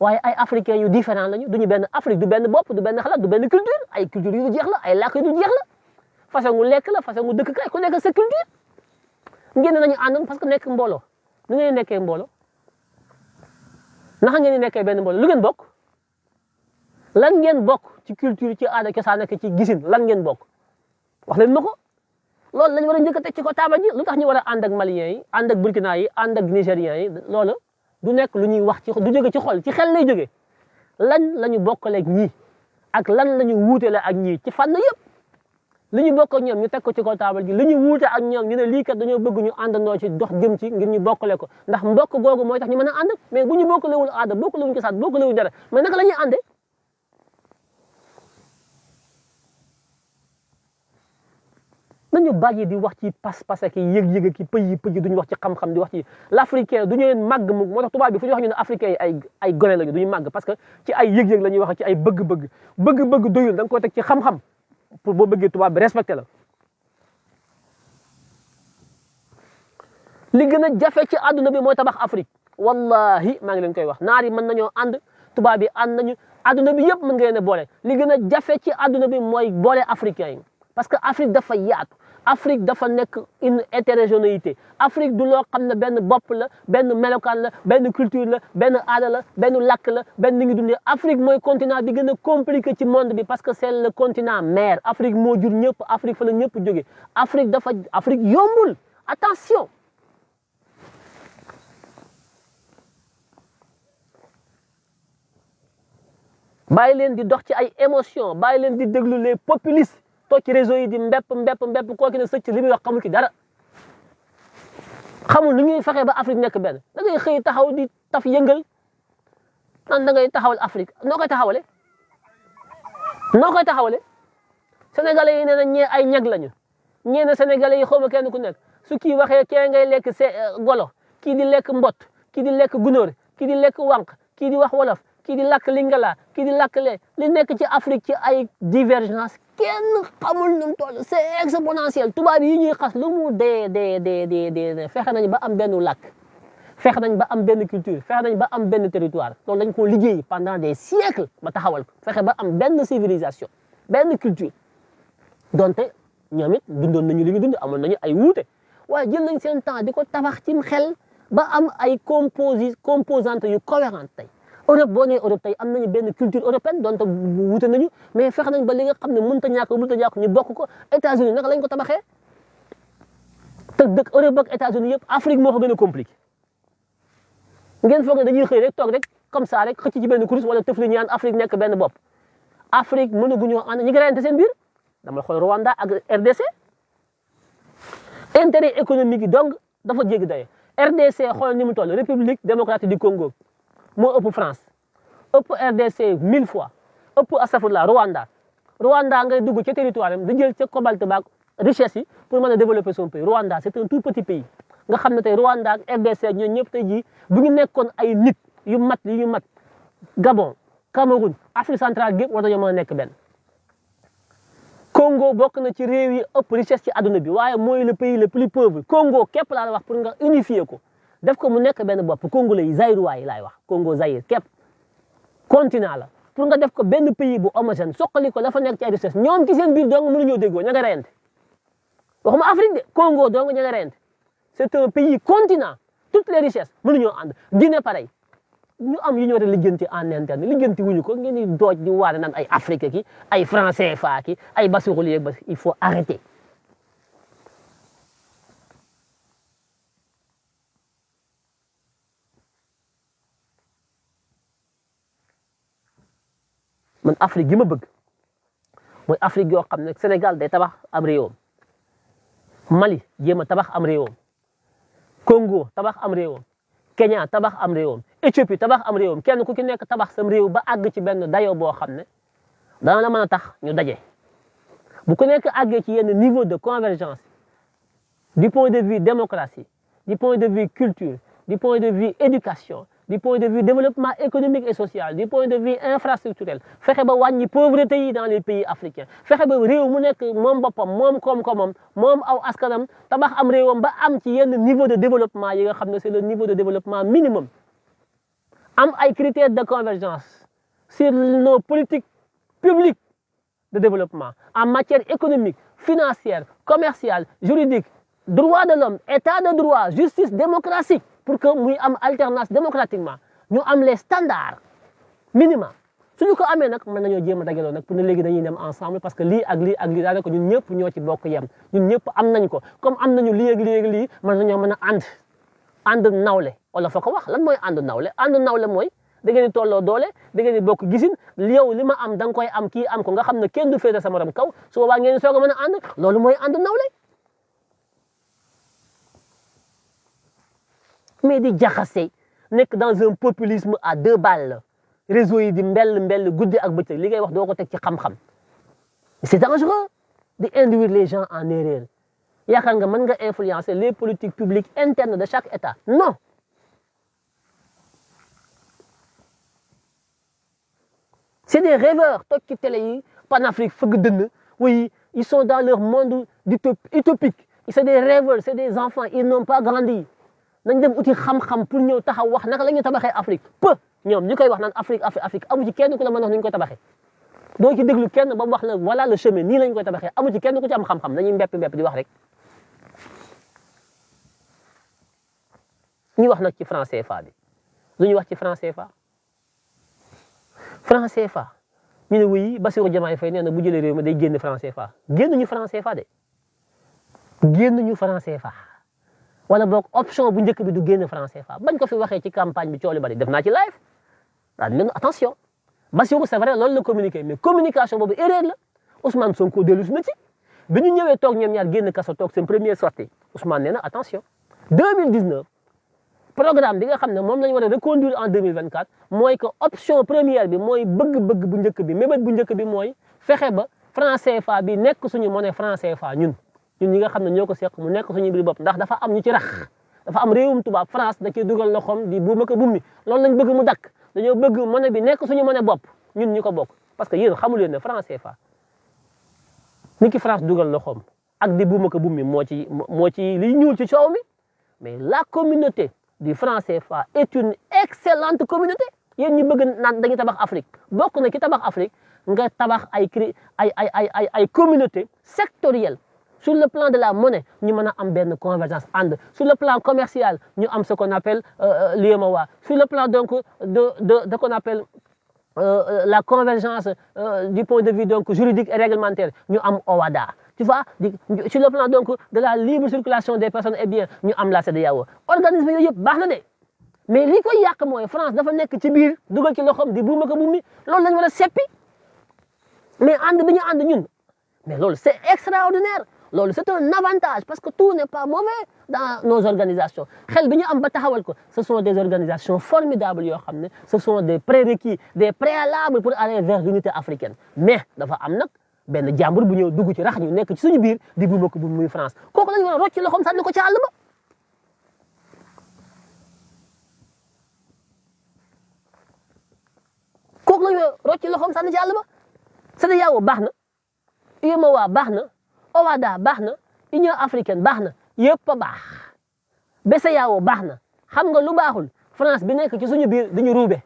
waaye ay africain yu différent lañu duñu benn Afrique du benn bopp du benn xalaat du benn culture ay culture yu du jeex la ay làkk yu du jeex la façon gu lekk la façon gu dëkk kay ku nekk sa culture ngeen nañu àndoon parce que nekk mbooloo nu ngeen nekkee mbooloo naka ngeen di nekkee benn mbooloo lu ngeen bokk lan ngeen bokk ci culture ci aada cosaan ak ci gisin lan ngeen bokk wax loolu lañ war a njëkk a teg ko taabal ji lu tax ñu war a ànd ak maliens ak burkina yi ànd ak nigériens yi loolu du nekk lu ñuy wax ci du jóge ci xol ci xel lay jóge lan la ñu bokkaleeg ñii ak lan la ñu wuutele ak ñii ci fànn yëpp li ñu bokk ak ñoom ñu teg ko ci ko taabal ji li ñu wuute ak ñoom ñu ne lii kat dañoo bëgg ñu àndandoo ci dox jëm ci ngir ñu bokkale ko ndax mbokk googu mooy tax ñu mën a ànd mais bu ñu bokkalewul aada bokkalewuñ ko saat bokkalewuñ dara mais àndee nañu bàyyi di wax ci pas-pas ak yëg-yëg ak pëy yi wax ci xam-xam di wax ci l'africain du ñu leen màgg mu moo tax tubaab bi fu ñu wax ñu ne africain yi ay ay gone lañu duñu màgg parce que ci ay yëg-yëg la ñuy wax ci ay bëgg-bëgg bëgg-bëgg doyul da nga koy ci xam-xam pour boo bëggee tubaab bi respecté la li gën a jafe ci àdduna bi mooy tabax Afrique wallahi maa ngi leen koy wax naari yi mën nañoo ànd tubaab yi ànd nañu àdduna bi yëpp mën nga leen boole li gën a jafe ci àdduna bi mooy boole africain yi Afrique dafa nekk une hétérogénéité Afrique du loo xam ne benn bopp la benn melokaan la benn culture la benn aada la benn lakk la benn ni ngi dundee mooy continant di gën a compliqué ci monde bi parce que c'est le continent mère Afrique moo jur ñëpp Afrique fa la ñëpp joge Afrique dafa Afrique yombul attention bàyyi leen di dox ci ay émotions bàyyi leen di déglu les populistes toog ci réseau yi di mbépp mbépp mbépp kooku ne sëcc li muy wax xamul ki dara xamul lu ñuy fexe ba Afrique nekk ben da ngay xëy taxaw di taf yëngal nan da ngay taxawal Afrique noo koy taxawale noo koy taxawale Sénégalais yi nee na ñee ay ñag lañu ñee na Sénégalais yi xaw ma kenn ku nekk su kii waxee ke ngay lekk golo kii di lekk mbott kii di lekk gunóor kii di lekk wànq kii di wax wolof kii di lakk lingala kii di lakk li nekk ci Afrique ci ay divergence kenn xamul nu mu toll c'est exponentiel tubaab yi ñuy xas lu mu dee dee dee dee dee fexe nañ ba am benn lakk fexe nañ ba am benn culture fexe nañ ba am benn territoire loolu dañ ko liggéey pendant des siècles ba taxawal ko fexe ba am benn civilisation benn culture donte ñoom it dundoon nañu li ñu dund amoon nañu ay wuute waaye jël nañ seen temps di ko tabax ci xel ba am ay composi composantes yu Europe boo nee Europe tey am nañu benn culture européenne donte wute nañu mais fexe nañ ba li nga xam ne mënut a ñàkk mënut a ñàkk ñu bokk ko États-Unis naka lañ ko tabaxee te dëkk Europe ak États-Unis yëpp Afrique moo ko gën a compliqué ngeen foog ne dañuy xëy rek toog rek comme ça rek xëcc ci benn kurus wala tëfli ñaan Afrique nekk benn bopp Afrique mënaguñoo ànd ñu ngi reyante seen biir dama xool Rwanda ak RDC intérêt économique yi donc dafa jéggi daye RDC xool ni mu toll République démocratique du Congo moo ëpp France ëpp RDC mille fois ëpp astafurlah Rwanda Rwanda ngay dugg ca territoire am di jël ca cobalt baak richesse yi pour mën a développer son pays Rwanda c'est un tout petit pays nga xam ne tey Rwanda ak RDC ñoo ñëpp tey jii bu ñu nekkoon ay nit yu mat yu ñu mat Gabon Cameroun Afrique centrale gépp war nañoo mën a nekk benn Congo bokk na ci réew yi ëpp richesse ci àdduna bi waaye mooy le pays le plus pauvre Congo képp laa la wax pour nga unifier ko def ko mu nekk benn bopp congolais yi zairois yi laay wax Congo Zaïre képp continent la pour nga def ko benn pays bu homogène soqali ko la fa nekk ci ay richesse ñoom ci seen biir dong mënuñoo déggoo ña nga reyante waxuma Afrique de Congo dong ña nga reyante c'est un pays continent toutes les richesses mënuñoo ànd dina pareil ñu am yu ñu war a lijjanti en interne wuñu ko ngeen di dooj di waare naan ay Afrique ki ay français faa ki ay basiwul yeeg basi il faut arrêter man Afrique gi ma bëgg mooy Afrique yoo xam ne senegal day tabax am réewam Mali jéem a tabax am réewam Congo tabax am réewam Kenya tabax am réewam Éthiopie tabax am réewam kenn ku ci nekk tabax sam réew ba àgg ci benn dayoo boo xam ne dana la mën a tax ñu daje bu ku nekk àggee ci yenn niveau de convergence du point de vue démocratie du point de vue culture du de vue éducation du point de vue développement économique et social du point de vue infrastructurel fexe ba wàññi pauvreté yi dans les pays africains fexe ba réew mu nekk moom boppam moom koom-koomam moom aw askanam tabax am réewam ba am ci yenn niveau de développement yi nga xam ne c'est le niveau de développement minimum am ay critères de convergence sur nos politiques publiques de développement en matière économique financière commerciale juridique droit de l'homme état de droit justice démocratique pour que muy am alternance démocratiquement ñu am les standards minima suñu ko amee nag na nañoo jéem a dajaloo nag pour ne léegi dañuy dem ensemble parce que lii ak lii ak lii daanaka ñun ñëpp ñoo ci bokk yem ñun ñëpp am nañ ko comme am nañu lii ak lii lii mën nañoo mën a ànd ànd nawle wala fa ko wax lan mooy ànd nawle ànd nawle mooy da ngeen di tolloo doole da ngeen di bokk gisin yow li ma am da koy am kii am ko nga xam na kenn du féete sa morom kaw su boobaa ngeen soog a mën a ànd loolu mooy ànd nawle mais di jaxase nekk dans un populisme à deux balles réseau yi di mbell mbell guddi ak bëccëg li ngay wax doo ko teg ci xam-xam c'est dangereux di induire les gens en erreur yaakaar nga mën nga influencer les politiques publiques internes de chaque État non c'est des rêveurs toog ci télé yi panafrique fëgg dënn oui ils sont dans leur monde utopique c'est des rêveurs c'est des enfants ils n'ont pas grandi nañ dem uti xam-xam pour ñëw taxaw wax naka la ñuy tabaxee Afrique peu ñoom ñu koy wax naan Afrique Afrique Afrique amu ci kenn ku la mën a wax ni ñu koy tabaxee. doo ci kenn ba mu wax la voilà le chemin nii lañ koy tabaxee amu ci kenn ku ci am xam-xam dañuy mbepp mbepp di wax rek. ñu wax nag ci franc CFA bi lu ñu wax ci franc CFA franc CFA ñu ne wuy Bassirou Diomaye Faye nee na bu jëlee réew mi day génn franc CFA génn ñu franc CFA de génn ñu franc fa wala boog option bu njëkk bi du génn franc CFA bañ ko fi waxee ci campagne bi cooli bari def naa ci live daal di attention Bassirou c'est vrai loolu la communiqué mais communication boobu erreur la Ousmane Sonko dellu na ci bi ñu ñëwee toog ñoom ñaar génn kaso toog seen première sortie Ousmane nee na attention 2019 programme nga xam ne moom la ñu war a reconduire en 2024 mooy que option première bi mooy bëgg-bëgg bu njëkk bi mébét bu njëkk bi mooy fexe ba franc CFA bi nekk suñu monnaie franc CFA ñun. ñun ñi na xam ne ñoo ko seq mu nekk suñu biir bopp ndax dafa am ñu ci rax dafa am réewum tubaab France da cee dugal loxoom di buuma ko bummi loolu lañ bëgg mu dakk dañoo bëgg monnaie bi nekk suñu monnaie bopp ñun ñu ko bokk parce que yéen xamu leen ne franc CFA ni ki France dugal loxoom ak di buuma ko bummi moo ci moo ci li ñuul ci coow mi mais la communauté du franc CFA est une excellente communauté yéen ñi bëgg naan dañuy tabax Afrique bokk na ki tabax Afrique nga tabax ay ay ay ay ay communauté sectorielle sur le plan de la monnaie ñu mën a am benn convergence ànd sur le plan commercial ñu am ce qu'on appelle euh, euh, l'UEMOA sur le plan donc de de de qu'on appelle euh, la convergence du point de vue donc juridique et réglementaire ñu am OWADA tu vois sur le plan donc de la libre circulation des personnes et eh biens ñu am la CEDEAO organisme yooyu yëpp baax de mais li koy yàq mooy France dafa nekk ci biir dugal ci loxoom di buuma ko buumi loolu lañ war a seppi mais ànd bi ñu ànd ñun mais loolu c'est extraordinaire loolu c'est un avantage parce que tout n'est pas mauvais dans nos organisations xel bi ñu am ba taxawal ko ce sont des organisations formidables yoo xam ne ce son des prérequis des préalables pour aller vers l'unité africaine mais dafa am nag benn jàmbur bu ñëw dugg ci rax ñu nekk ci suñu biir di bu mbokk bu muy France kooku lañu war a rocc loxoom sànni ko ci àll ba kooku lañu war a rocc loxoom sànni ci àll ba CEDEAO baax na UEMOA baax na OWADA baax na Union africaine baax na yëpp a baax BCEAO baax na xam nga lu baaxul France bi nekk ci suñu biir dañu ruube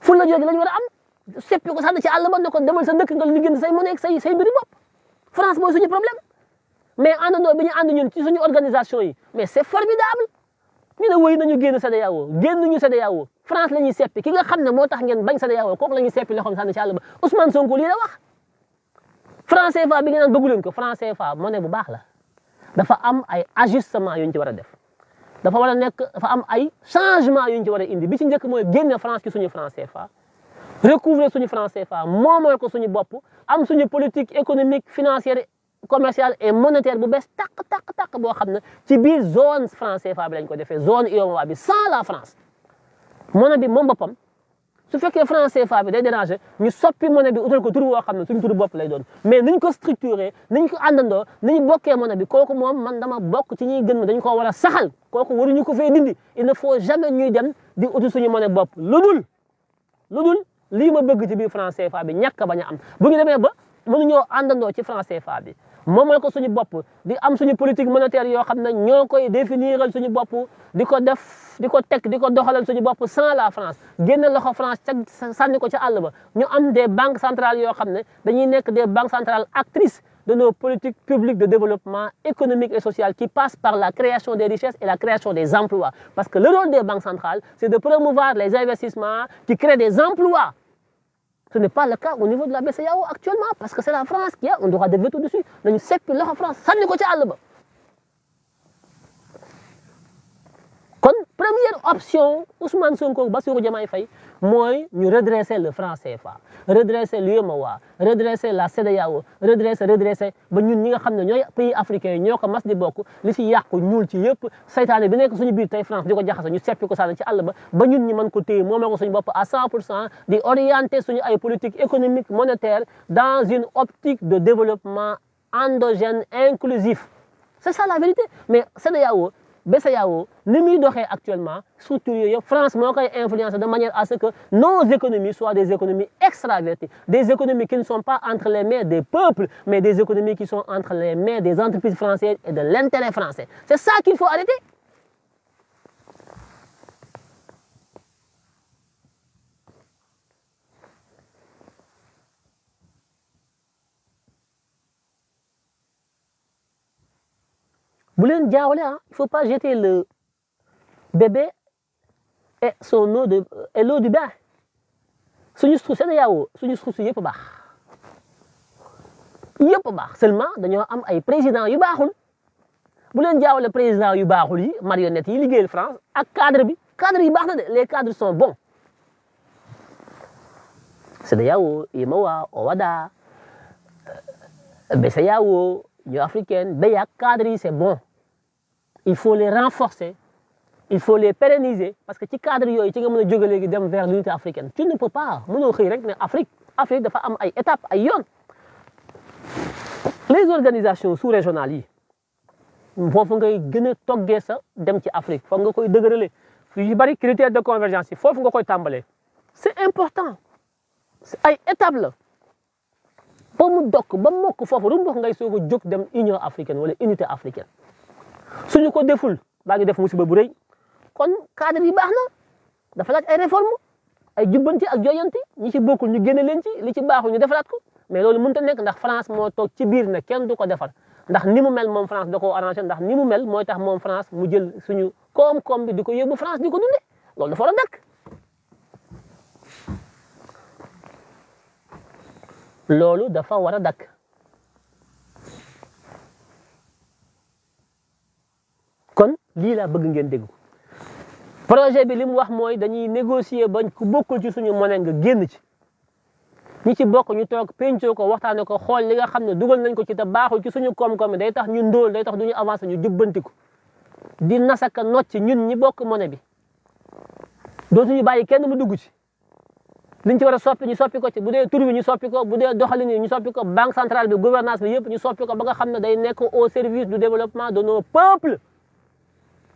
ful la jooju lañu war a am seppi ko sànni ci àll ba ne ko demal sa dëkk nga liggéey say mën a say say mbiri bopp France mooy suñu problème mais àndandoo ci suñu organisation yi mais c'est formidable ñu ne wéy nañu génn CEDEAO génn ñu e la ñuy seppi ki nga xam ne moo tax ngeen bañ CEDEAO kooku la ñuy seppi loxoom sànni ci àll ba Ousmane Sonko lii la wax. franc CFA bi nga naan bëggu leen ko franc CFA monnaie bu baax la dafa am ay ajustement yu ñu ci war a def dafa war a nekk dafa am ay changement yu ñu ci war a indi bi ci njëkk mooy génne France ci suñu franc CFA recouvrer suñu franc CFA moomal ko suñu bopp am suñu politique économique financière commercial et monétaire bu bees tàq tàq tàq boo xam ne ci biir zone franc CFA bi lañ ko defee zone UEMOA bi sans la France monnaie bi moom boppam su fekkee franc CFA bi day déranger ñu soppi monnaie bi utal ko tur woo xam ne suñu turu bopp lay doon mais niñ ko structuré niñ ko àndandoo niñ bokkee monnaie bi kooku moom man dama bokk ci ñuy gën ma dañ ko war a saxal kooku waruñu ko fee dindi il ne faut jamais ñuy dem di uti suñu monnaie bopp lu dul lu dul lii ma bëgg ci biir franc CFA bi ñàkk bañ a am bu ñu demee ba mënuñoo àndandoo ci franc CFA bi moom mooy ko suñu bopp di am suñu politique monétaire yoo xam ne ñoo koy définiral suñu bopp di ko def di ko teg di ko doxalal suñu bopp sans la France génne loxo France ca sànni ko ca àll ba ñu am de banques centrales yoo xam ne dañuy nekk de banques centrales actrices de nos politiques publiques de développement économique et social qui passent par la création des richesses et la création des emplois. Parce que le rôle des banques centrales, c'est de promouvoir les investissements Ce n'est pas le cas au niveau de la BCEAO actuellement parce que c'est la France qui a un droit de veto dessus. dañu seppi loxo France sànni ko ci àll ba kon première option Ousmane Sonko Bassirou Diomaye Faye mooy ñu redresser le franc CFA redresser l'UEMOA redresser la CEDEAO redresser redresser ba ñun ñi nga xam ne ñooy pays africains yi ñoo ko mas di bokk li ci yàqu ñuul ci yëpp saytaane bi nekk suñu biir tey France di ko jaxase ñu seppi ko sànni ci àll ba ba ñun ñi mën ko téye moomee ko suñu bopp à 100 pour cent di orienter suñu ay politique économique monétaire dans une optique de développement endogène inclusif c'est ça la vérité mais CEDEAO BCEAO li muy doxee actuellement structures yooyu yëpp France moo koy influencer de manière à ce que nos économies soient des économies extraverties des économies qui ne sont pas entre les mains des peuples mais des économies qui sont entre les mains des entreprises françaises et de l'intérêt français c'est ça qu'il faut arrêter bu leen jaawale ah il faut pas jeter le bébé et son eau de et l'eau du bain suñu suuf seen yaawoo suñu suuf si yëpp baax yëpp baax seulement dañoo am ay président yu baaxul bu leen jaawale président yu baaxul yi marionnettes yi liggéeyal France ak cadre bi cadre yi baax na de les cadres sont bons CEDEAO IMOA OHADA BCEAO Union africaine BEAC cadre yi c'est bon il faut les renforcer il faut les pérenniser parce que ci cadre yooyu ci nga mën a jóge léegi dem vers l'unité africaine tu ne peux pas mënoo xëy rek ne Afrique Afrique dafa am ay étapes ay yoon les organisations sous-régionales yi foofu ngay gën a toggee sa dem ci Afrique foofu nga koy dëgërale yi bari critères de convergence yi foofu nga koy tàmbalee c'est important ay étapes la ba mu dokk ba mokk foofu ru mu ngay soog a dem Union africaine wala unité africaine suñu ko deful daañu def musiba bu rëy kon cadre yi baax na dafa laaj ay réforme ay jubbanti ak joyanti ñi ci bokkul ñu génne leen ci li ci baaxul ñu defaraat ko mais loolu munta a nekk ndax France moo toog ci biir ne kenn du ko defar ndax ni mu mel moom France da koo arrangé ndax ni mu mel moo tax moom France mu jël suñu koom-koom bi di ko yóbbu France di ko dunde loolu dafa war a dakk loolu dafa war a dakk lii laa bëgg ngeen dégg projet bi li mu wax mooy dañuy négocier bañ ku bokkul ci suñu mone nga génn ci ñi ci bokk ñu toog pencoo ko waxtaane ko xool li nga xam ne dugal nañ ko ci te baaxul ci suñu koom-koom day tax ñu ndóol day tax duñu avancer ñu jubbanti ko di nasaka not ci ñun ñi bokk mone bi dootuñu bàyyi kenn mu dugg ci liñ ci soppi ko ci bu dee tur bi ñu soppi ko bu dee doxalin yi ñu soppi ko banque centrale bi gouvernance bi yëpp ñu soppi ko ba nga xam ne day nekk au service du développement de nos peuples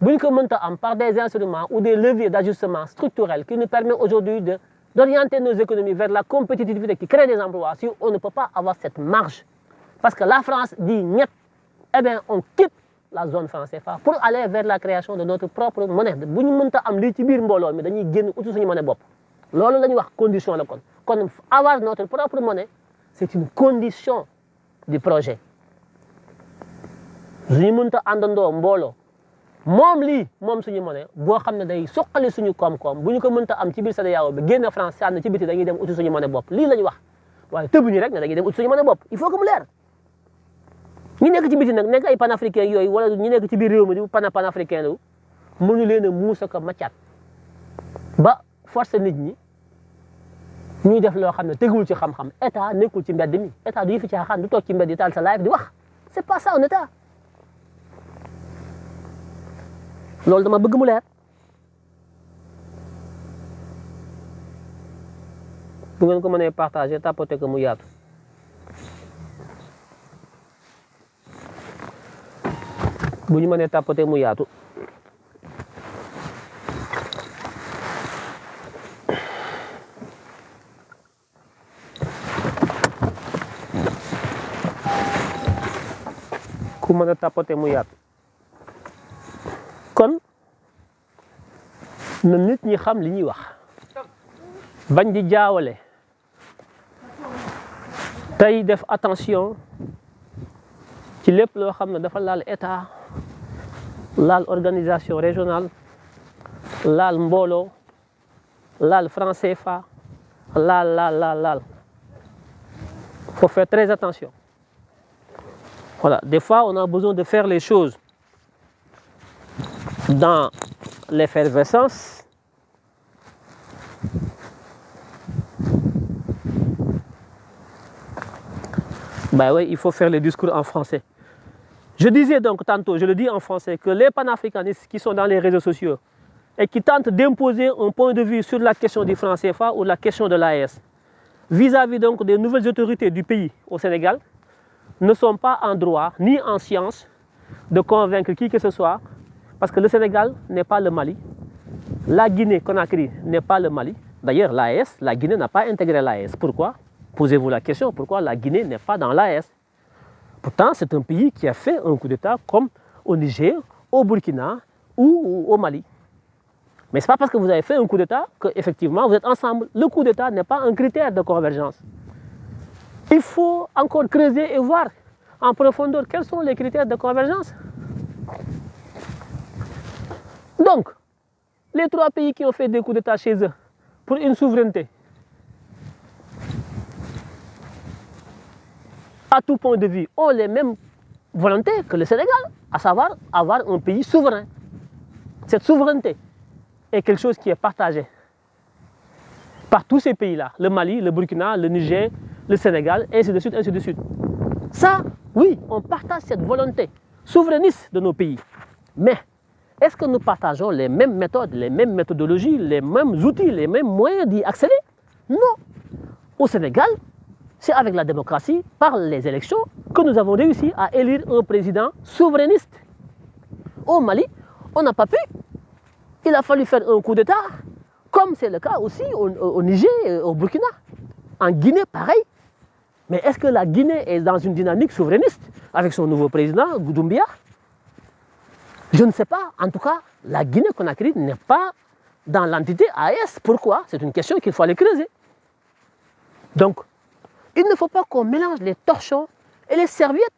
bu ñu ko mënta am par des instruments ou des leviers d'ajustement structurels qui nous permettent aujourd'hui d'orienter nos économies vers la compétitivité qui crée des emplois si on ne peut pas avoir cette marge parce que la France dit niet eh bien on quitte la zone franc CFA pour aller vers la création de notre propre monnaie bu ñu mënta am lii ci biir mbooloo mi dañuy génn uti suñu monnaie bopp loolu la ñuy wax condition la kon kon avoir notre propre monnaie c'est une condition du projet suñu mënta àndandoo mbooloo moom lii moom suñu monnaie boo xam ne day suqali suñu koom-koom bu ñu ko mënta am ci biir CEDEAO bi génn France sànn ci biti dañuy dem uti suñu monnaie bopp lii la ñu wax waaye tëbuñu rek ne dañuy dem uti suñu monnaie bopp il faut que mu leer ñi nekk ci biti nag nekk ay panafricain yooyu wala ñi nekk ci biir réew mi di pana panafricain lu mënu leen a muusa ko maccaat ba forcé nit ñi ñuy def loo xam ne tegul ci xam-xam état nekkul ci mbedd mi état du yëfi caaxaan du toog ci mbedd yi taal sa live di wax c'est pas ça un loolu dama bëgg mu leer bu ngeen ko mënee partager tapoter ko mu yaatu bu ñu mënee tapoter mu yaatu ku mën a tapoter mu kon na nit ñi xam li ñuy wax bañ di jaawale tey def attention ci lépp loo xam ne dafa laal état laal organisation régional laal mbooloo laal français fa laal laal laal laal faut très attention voilà des fois on a besoin de faire les choses dans l'effervescence, ben oui, il faut faire les discours en français. Je disais donc tantôt, je le dis en français, que les panafricanistes qui sont dans les réseaux sociaux et qui tentent d'imposer un point de vue sur la question du franc CFA ou la question de l'AS, vis-à-vis donc des nouvelles autorités du pays au Sénégal, ne sont pas en droit ni en science de convaincre qui que ce soit Parce que le Sénégal n'est pas le Mali. La Guinée-Conakry n'est pas le Mali. D'ailleurs, l'AES, la Guinée n'a pas intégré l'AES. Pourquoi Posez-vous la question, pourquoi la Guinée n'est pas dans l'AES Pourtant, c'est un pays qui a fait un coup d'État comme au Niger, au Burkina ou au Mali. Mais ce pas parce que vous avez fait un coup d'État qu'effectivement vous êtes ensemble. Le coup d'État n'est pas un critère de convergence. Il faut encore creuser et voir en profondeur quels sont de convergence. Donc, les trois pays qui ont fait des coups d'État chez eux pour une souveraineté, à tout point de vue, ont les mêmes volontés que le Sénégal, à savoir avoir un pays souverain. Cette souveraineté est quelque chose qui est partagé par tous ces pays-là, le Mali, le Burkina, le Niger, le Sénégal, et ainsi de suite, ainsi de suite. Ça, oui, on partage cette volonté souverainiste de nos pays. Est-ce que nous partageons les mêmes méthodes, les mêmes méthodologies, les mêmes outils, les mêmes moyens d'y accéder Non. Au Sénégal, c'est avec la démocratie, par les élections, que nous avons réussi à élire un président souverainiste. Au Mali, on n'a pas pu. Il a fallu faire un coup d'État, comme c'est le cas aussi au, au Niger, euh, au Burkina. En Guinée, pareil. Mais est-ce que la Guinée est dans une dynamique souverainiste avec son nouveau président, Goudombia Je ne sais pas. En tout cas, la Guinée-Conakry n'est pas dans l'entité AES. Pourquoi C'est une question qu'il faut aller creuser. Donc, il ne faut pas qu'on mélange les torchons et les serviettes.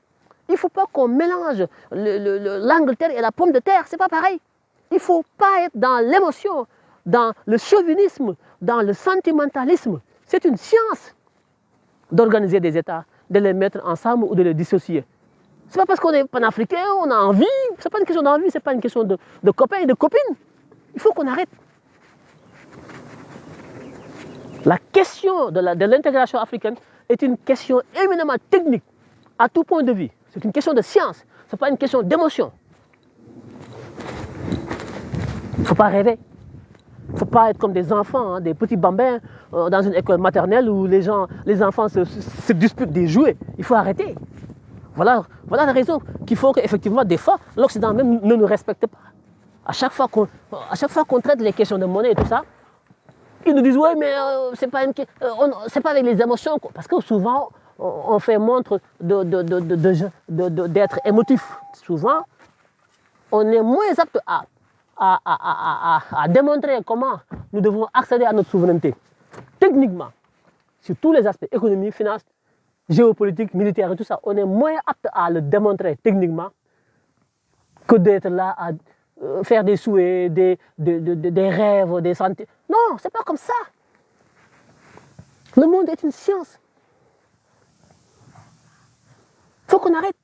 Il ne faut pas qu'on mélange l'Angleterre et la pomme de terre. Ce n'est pas pareil. Il ne faut pas être dans l'émotion, dans le chauvinisme, dans le sentimentalisme. C'est une science d'organiser des États, de les mettre ensemble ou de les dissocier. C'est pas parce qu'on est panafricain, on a envie. C'est pas une question d'envie, c'est pas une question de, de copains et de copines. Il faut qu'on arrête. La question de l'intégration de africaine est une question éminemment technique, à tout point de vue. C'est une question de science, ce n'est pas une question d'émotion. Il ne faut pas rêver. Il ne faut pas être comme des enfants, hein, des petits bambins euh, dans une école maternelle où les, gens, les enfants se, se disputent des jouets. Il faut arrêter. Voilà, voilà la raison qui font effectivement des fois, l'Occident même ne nous respecte pas. À chaque fois qu'on qu traite les questions de monnaie et tout ça, ils nous disent oui, mais euh, euh, c'est pas avec les émotions, parce que souvent on, on fait montre d'être de, de, de, émotif. Souvent, on est moins apte à, à, comment nous devons accéder à notre souveraineté, techniquement, sur tous les aspects, économie, finance, géopolitique, militaire et tout ça, on est moins apte à le démontrer techniquement que d'être là à euh, faire des souhaits, des, des, des, des rêves, des santé. Non, c'est pas comme ça. Le monde est une science. faut qu'on arrête.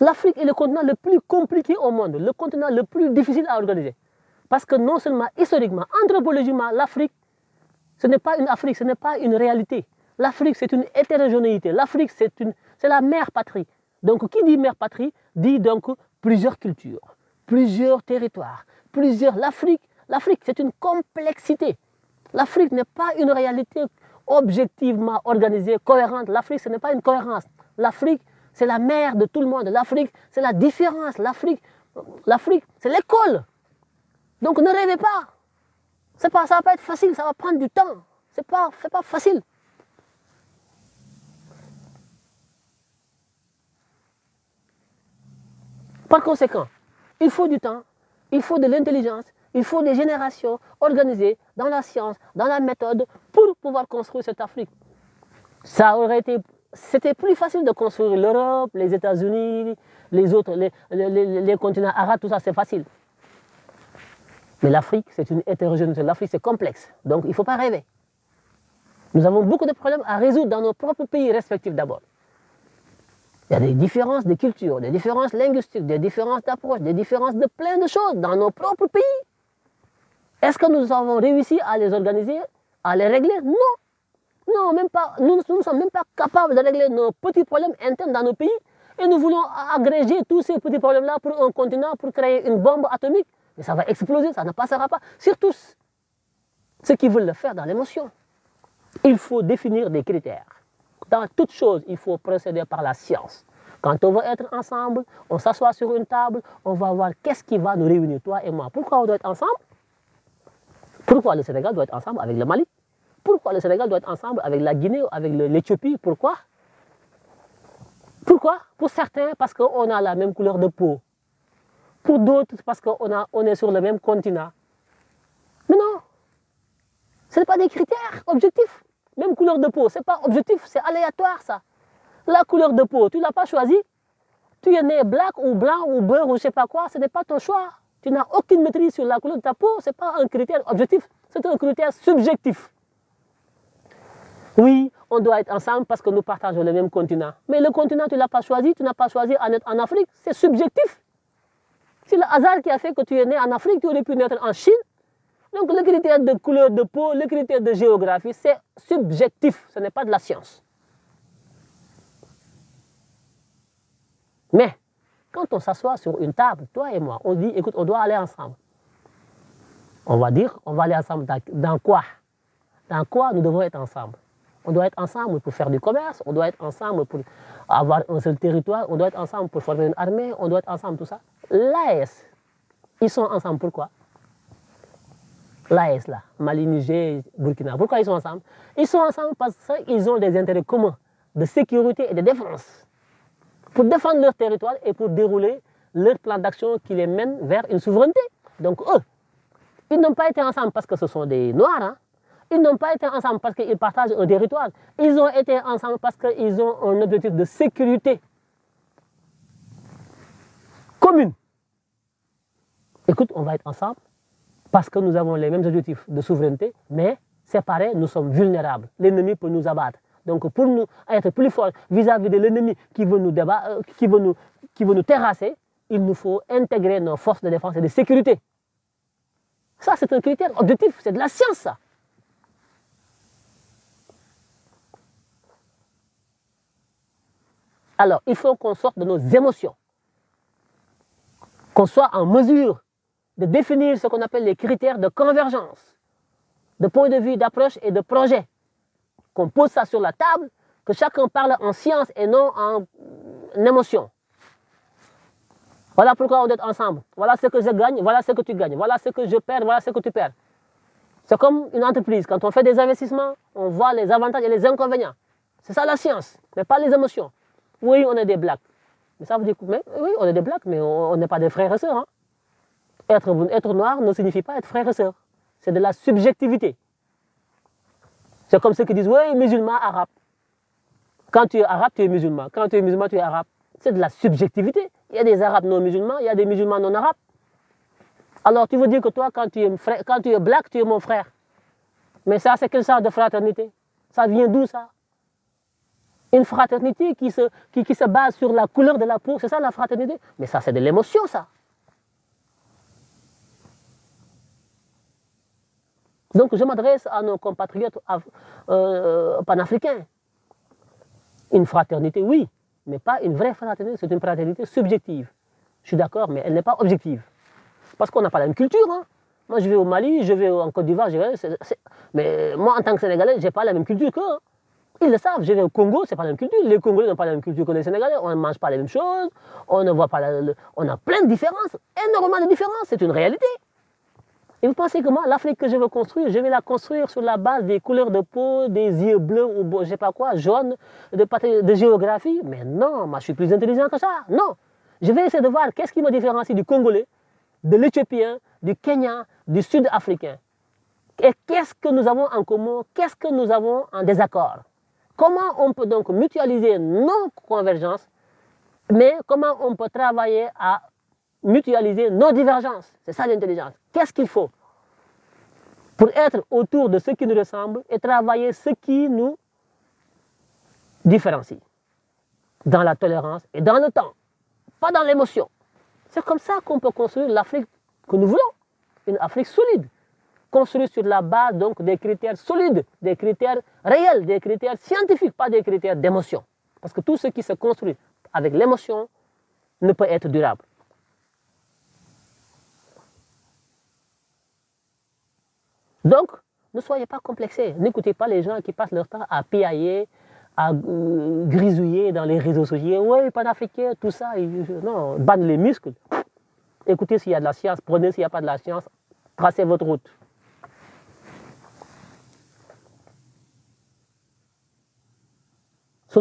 L'Afrique est le continent le plus compliqué au monde, le continent le plus difficile à organiser. Parce que non seulement historiquement, anthropologiquement, l'Afrique, ce n'est pas une Afrique, ce n'est pas une réalité. L'Afrique, c'est une hétérogénéité. L'Afrique, c'est la mère patrie. Donc, qui dit mère patrie dit donc plusieurs cultures, plusieurs territoires, plusieurs. L'Afrique, l'Afrique, c'est une complexité. L'Afrique n'est pas une réalité objectivement organisée, cohérente. L'Afrique, ce n'est pas une cohérence. L'Afrique, c'est la mère de tout le monde. L'Afrique, c'est la différence. L'Afrique, l'Afrique, c'est l'école. Donc ne rêvez pas. C'est pas, ça va pas être facile, ça va prendre du temps. C'est pas, c'est pas facile. Par conséquent, il faut du temps, il faut de l'intelligence, il faut des générations organisées dans la science, dans la méthode, pour pouvoir construire cette Afrique. Ça aurait été... C'était plus facile de construire l'Europe, les États-Unis, les autres, les, les, les continents arabes, tout ça, c'est facile. Mais l'Afrique, c'est une hétérogénéité. L'Afrique, c'est complexe. Donc, il ne faut pas rêver. Nous avons beaucoup de problèmes à résoudre dans nos propres pays respectifs d'abord. Il y a des différences de culture, des différences linguistiques, des différences d'approche, des différences de plein de choses dans nos propres pays. Est-ce que nous avons réussi à les organiser, à les régler Non. Non, même pas. ne sommes même pas capables de régler nos petits problèmes internes dans nos pays. Et nous voulons agréger tous ces petits problèmes-là pour un pour créer une bombe atomique. Mais ça va exploser, ça ne passera pas. Surtout ceux qui veulent le faire Il faut définir des critères dans toute chose, il faut procéder par la science. Quand on veut être ensemble, on s'assoit sur une table, on va voir qu'est-ce qui va nous réunir, toi et moi. Pourquoi on doit être ensemble Pourquoi le Sénégal doit être ensemble avec le Mali Pourquoi le Sénégal doit être ensemble avec la Guinée avec l'Éthiopie Pourquoi Pour certains, parce qu'on a la même couleur de peau. Pour d'autres, parce qu'on est sur le même continent. Mais non, ce n'est pas des critères Même couleur de peau, ce pas objectif, c'est aléatoire ça. La couleur de peau, tu ne l'as pas choisie. Tu es né black ou blanc ou beurre ou je ne sais pas quoi, ce n'est pas ton choix. Tu n'as aucune maîtrise sur la couleur de ta peau, ce n'est pas un critère objectif, c'est un critère subjectif. Oui, on doit être ensemble parce que nous partageons le même continent. Mais le continent, tu ne l'as pas choisi, tu n'as pas choisi en être en Afrique, c'est subjectif. C'est le hasard Donc le critère de couleur de peau, le critère de géographie, c'est subjectif, ce n'est pas de la science. Mais quand on s'assoit sur une table, toi et moi, on dit, écoute, on doit aller ensemble. On va dire, on va aller ensemble dans quoi nous devons être ensemble On doit être ensemble pour faire du commerce, on doit être ensemble pour avoir un seul on doit être ensemble pour former une armée, on doit être ensemble, tout ça. L'AS, ils sont ensemble pourquoi l'AES, là, Mali, Niger, Burkina. Pourquoi ils sont ensemble Ils sont ensemble parce qu'ils ont des intérêts communs de sécurité et de défense pour défendre leur territoire et pour dérouler leur plan d'action qui les mène vers une souveraineté. Donc eux, ils n'ont pas été ensemble parce que ce sont des Noirs. Hein? Ils n'ont pas été ensemble parce qu'ils partagent un territoire. Ils ont été ensemble parce qu'ils ont un objectif de sécurité commune. Écoute, on va être ensemble parce que nous avons les mêmes objectifs de souveraineté, mais séparés, nous sommes vulnérables. L'ennemi peut nous abattre. Donc pour nous être plus forts vis-à-vis de l'ennemi qui, veut nous débat, euh, qui, veut nous, qui veut nous terrasser, il nous faut intégrer nos forces de défense et de sécurité. Ça, c'est un critère objectif, c'est de la science, Alors, il faut qu'on sorte de nos émotions, qu'on soit en mesure de définir ce qu'on appelle les critères de convergence, de point de vue, d'approche et de projet. Qu'on pose ça sur la table, que chacun parle en science et non en euh, émotion. Voilà pourquoi on est ensemble. Voilà ce que je gagne, voilà ce que tu gagnes, voilà ce que je perds, C'est comme une entreprise. Quand on fait des investissements, on voit les avantages et les inconvénients. C'est ça la science, mais pas les émotions. Oui, on est des blacks. Mais on est Être, être noir ne signifie pas être frère et sœur. C'est de la subjectivité. C'est comme ceux qui disent, oui, musulman, arabe. Quand tu es arabe, tu es musulman. Quand tu es musulman, tu es arabe. C'est de la subjectivité. y a des arabes non musulmans, il y a des musulmans non arabes. Alors tu veux dire que toi, quand tu es, black, tu es mon frère. Mais c'est quel genre de fraternité Ça vient d'où ça Une fraternité qui se, base sur la couleur de la peau, c'est ça la fraternité Mais Donc je m'adresse à nos compatriotes euh, panafricains. Une fraternité, oui, mais pas une vraie fraternité, c'est une fraternité subjective. Je suis d'accord, mais elle n'est pas objective. Parce qu'on n'a pas la même culture. Hein. Moi, je vais au Mali, je vais en Côte d'Ivoire, mais en tant que Sénégalais, je n'ai pas culture qu'eux. Ils le savent, je au Congo, c'est pas la même culture. Les Congolais n'ont pas la culture que les Sénégalais, on ne mange pas les mêmes choses, on a plein de différences, Et vous pensez que moi, l'Afrique que je veux construire, je vais la construire sur la base des couleurs de peau, des yeux bleus ou je sais pas quoi, jaunes, de, de géographie Mais non, moi, je suis plus intelligent que ça. Non, je vais essayer de voir qu'est-ce qui me différencie du Congolais, de l'Éthiopien, du Kenyan, du Sud-Africain. Et qu'est-ce que nous avons en commun Qu'est-ce que nous avons en désaccord Comment on peut donc mutualiser nos convergences, mais comment on peut travailler à mutualiser nos divergences. C'est ça l'intelligence. Qu'est-ce qu'il faut pour être autour de ce qui nous ressemble et travailler ce qui nous différencie dans la tolérance et dans le temps, pas dans l'émotion. C'est comme ça qu'on peut construire l'Afrique que nous voulons, une Afrique solide, construite sur la base donc des critères solides, des critères réels, des critères scientifiques, pas des critères d'émotion. Parce que tout ce qui se construit avec l'émotion ne peut être durable. Donc, ne soyez pas complexés. N'écoutez pas les gens qui passent leur temps à piailler, à euh, grisouiller dans les réseaux sociaux. Oui, panafricain, tout ça. Non, banne les muscles. Écoutez s'il y a de la science, prenez s'il n'y a pas de la science, tracez votre route. C'est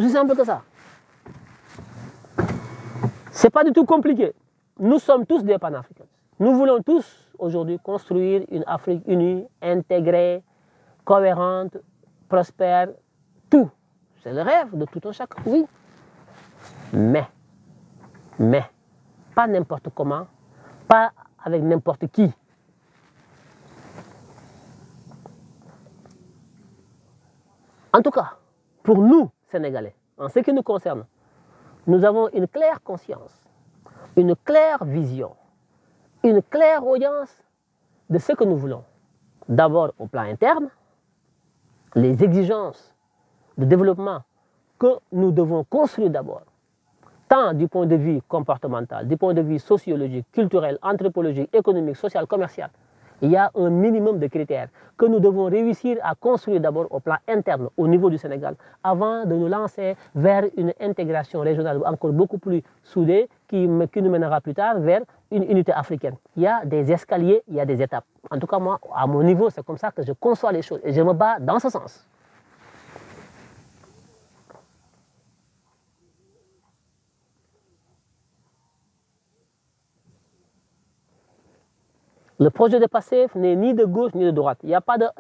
C'est pas du tout compliqué. Nous sommes tous des panafricains. Nous voulons tous aujourd'hui construire une Afrique unie, intégrée, cohérente, prospère, tout. C'est le rêve de tout un chacun, oui. Mais, mais, pas n'importe comment, pas avec n'importe qui. En tout cas, pour nous, Sénégalais, en ce qui nous concerne, nous avons une claire conscience, une claire vision une clairvoyance de ce que nous voulons. D'abord au plan interne, les exigences de développement que nous devons construire d'abord, tant du point de vue comportemental, du point de vue sociologique, culturel, anthropologique, économique, social, commercial. Il y a un minimum de critères que nous devons réussir à construire d'abord au plan interne, au niveau du Sénégal, avant de nous lancer vers une intégration régionale encore beaucoup plus soudée qui, qui nous mènera plus tard vers une unité africaine. Il y a des escaliers, il y a des étapes. En tout cas, moi, à mon niveau, c'est comme ça que je conçois les choses. Et je me bats dans ce sens. Le projet de PASSEF n'est ni de gauche ni de droite. Il n'y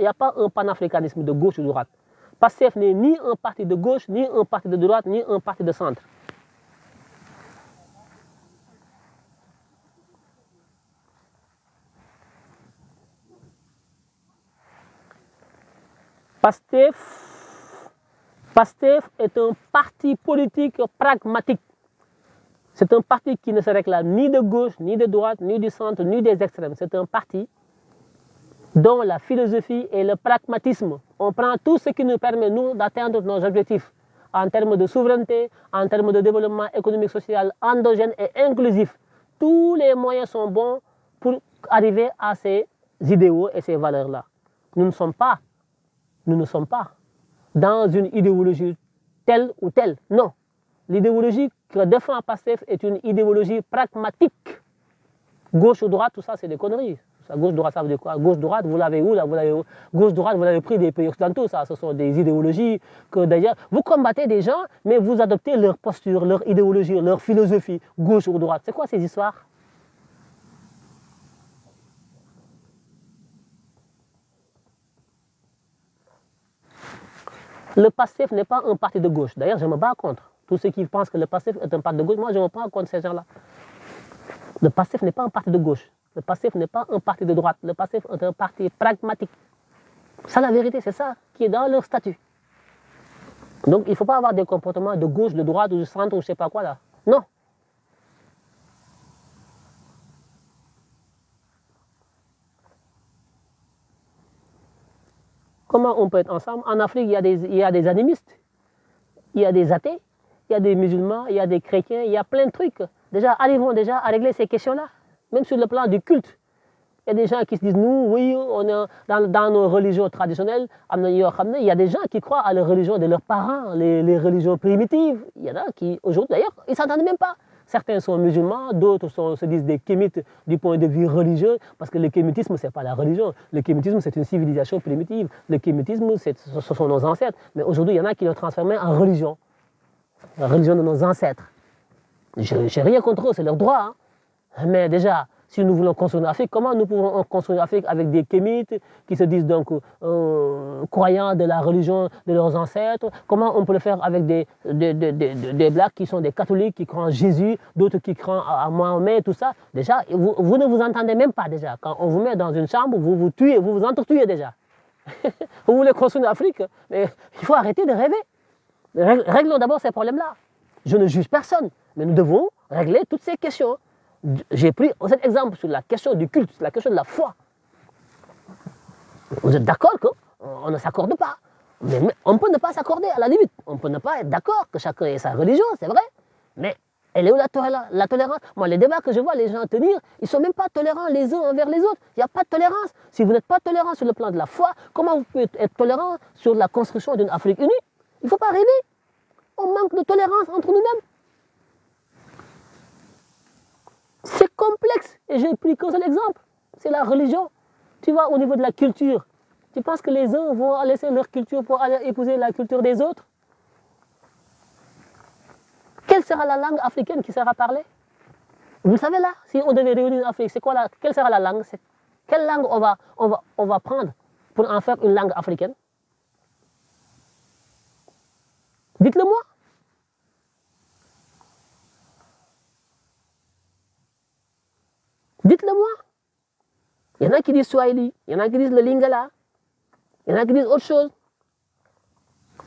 pas un panafricanisme de gauche ou de droite. PASSEF n'est ni un parti de gauche, ni un parti de droite, ni un parti de centre. PASTEF, PASTEF est un parti politique pragmatique. C'est un parti qui ne se réclame ni de gauche, ni de droite, ni du centre, ni des extrêmes. C'est un parti dont la philosophie et le pragmatisme. On prend tout ce qui nous permet, nous, d'atteindre nos objectifs en termes de souveraineté, en termes de développement économique, social, endogène et inclusif. Tous les moyens sont bons pour arriver à ces idéaux et ces valeurs-là. Nous ne sommes pas nous ne sommes pas dans une idéologie telle ou telle. Non. L'idéologie que défend PASTEF est une idéologie pragmatique. Gauche ou droite, tout ça, c'est des conneries. Ça, gauche droite, ça veut dire quoi Gauche droite, vous l'avez où là vous l'avez Gauche droite, vous l'avez pris des pays occidentaux. Ça, ce sont des idéologies que d'ailleurs vous combattez des gens, mais vous adoptez leur posture, leur idéologie, leur philosophie. Gauche ou droite, c'est quoi ces histoires Le PASSEF n'est pas un parti de gauche. D'ailleurs, je me bats contre. Tous ceux qui pensent que le PASSEF est un parti de gauche, moi, je me bats contre ces gens-là. Le PASSEF n'est pas un parti de gauche. Le PASSEF n'est pas un parti de droite. Le PASSEF est un parti pragmatique. Ça, la vérité, c'est ça qui est dans leur statut. Donc, il ne faut pas avoir des comportements de gauche, de droite, ou de centre, ou je sais pas quoi là. Comment on peut être ensemble En Afrique, il y, a des, il y a des animistes, il y a des athées, il y a des musulmans, il y a des chrétiens, il y a plein de trucs. Déjà, arrivons déjà à régler ces questions-là, même sur le plan du culte. Il y a des gens qui se disent, nous, oui, on est dans, dans nos religions traditionnelles, il y a des gens qui croient à la religion de leurs parents, les, les religions primitives. Il y en a qui, aujourd'hui d'ailleurs, ils ne s'entendent même pas. Certains sont musulmans, d'autres se disent des kémites du point de vue religieux, parce que le kémitisme, ce n'est pas la religion. Le kémitisme, c'est une civilisation primitive. Le kémitisme, ce sont nos ancêtres. Mais aujourd'hui, il y en a qui l'ont transformé en religion. La religion de nos ancêtres. Je n'ai rien contre eux, c'est leur droit. Hein. Mais déjà, si nous voulons construire l'Afrique, comment nous pouvons construire l'Afrique avec des kémites qui se disent donc euh, croyants de la religion de leurs ancêtres Comment on peut le faire avec des, des, des, des blacks qui sont des catholiques, qui croient en Jésus, d'autres qui croient à Mohamed, tout ça Déjà, vous, vous, ne vous entendez même pas déjà. Quand on vous met dans une chambre, vous vous tuez, vous vous entretuez déjà. vous voulez construire l'Afrique, mais il faut arrêter de rêver. Réglons d'abord ces problèmes-là. Je ne juge personne, mais nous devons régler toutes ces questions. j'ai pris cet exemple sur la question du culte, la question de la foi. Vous êtes d'accord qu'on euh, ne s'accorde pas. Mais, mais on peut ne pas s'accorder, à la limite. On peut ne pas être d'accord que chacun ait sa religion, c'est vrai. Mais elle est où la, to la tolérance Moi, les débats que je vois les gens tenir, ils ne sont même pas tolérants les uns envers les autres. Il n'y a pas de tolérance. Si vous n'êtes pas tolérant sur le plan de la foi, comment vous pouvez être tolérant sur la construction d'une Afrique unie Il ne faut pas rêver. On manque de tolérance entre nous-mêmes. C'est complexe. Et j'ai pris qu'un exemple. C'est la religion. Tu vois, au niveau de la culture, tu penses que les uns vont laisser leur culture pour aller épouser la culture des autres Quelle sera la langue africaine qui sera parlée Vous savez là, si on devait réunir l'Afrique, c'est quoi la, quelle sera la langue Quelle langue on va, on, va, on va prendre pour en faire une langue africaine Dites-le-moi. Il y en a qui disent Swahili, il y en a qui disent le Lingala, il y en a qui disent autre chose.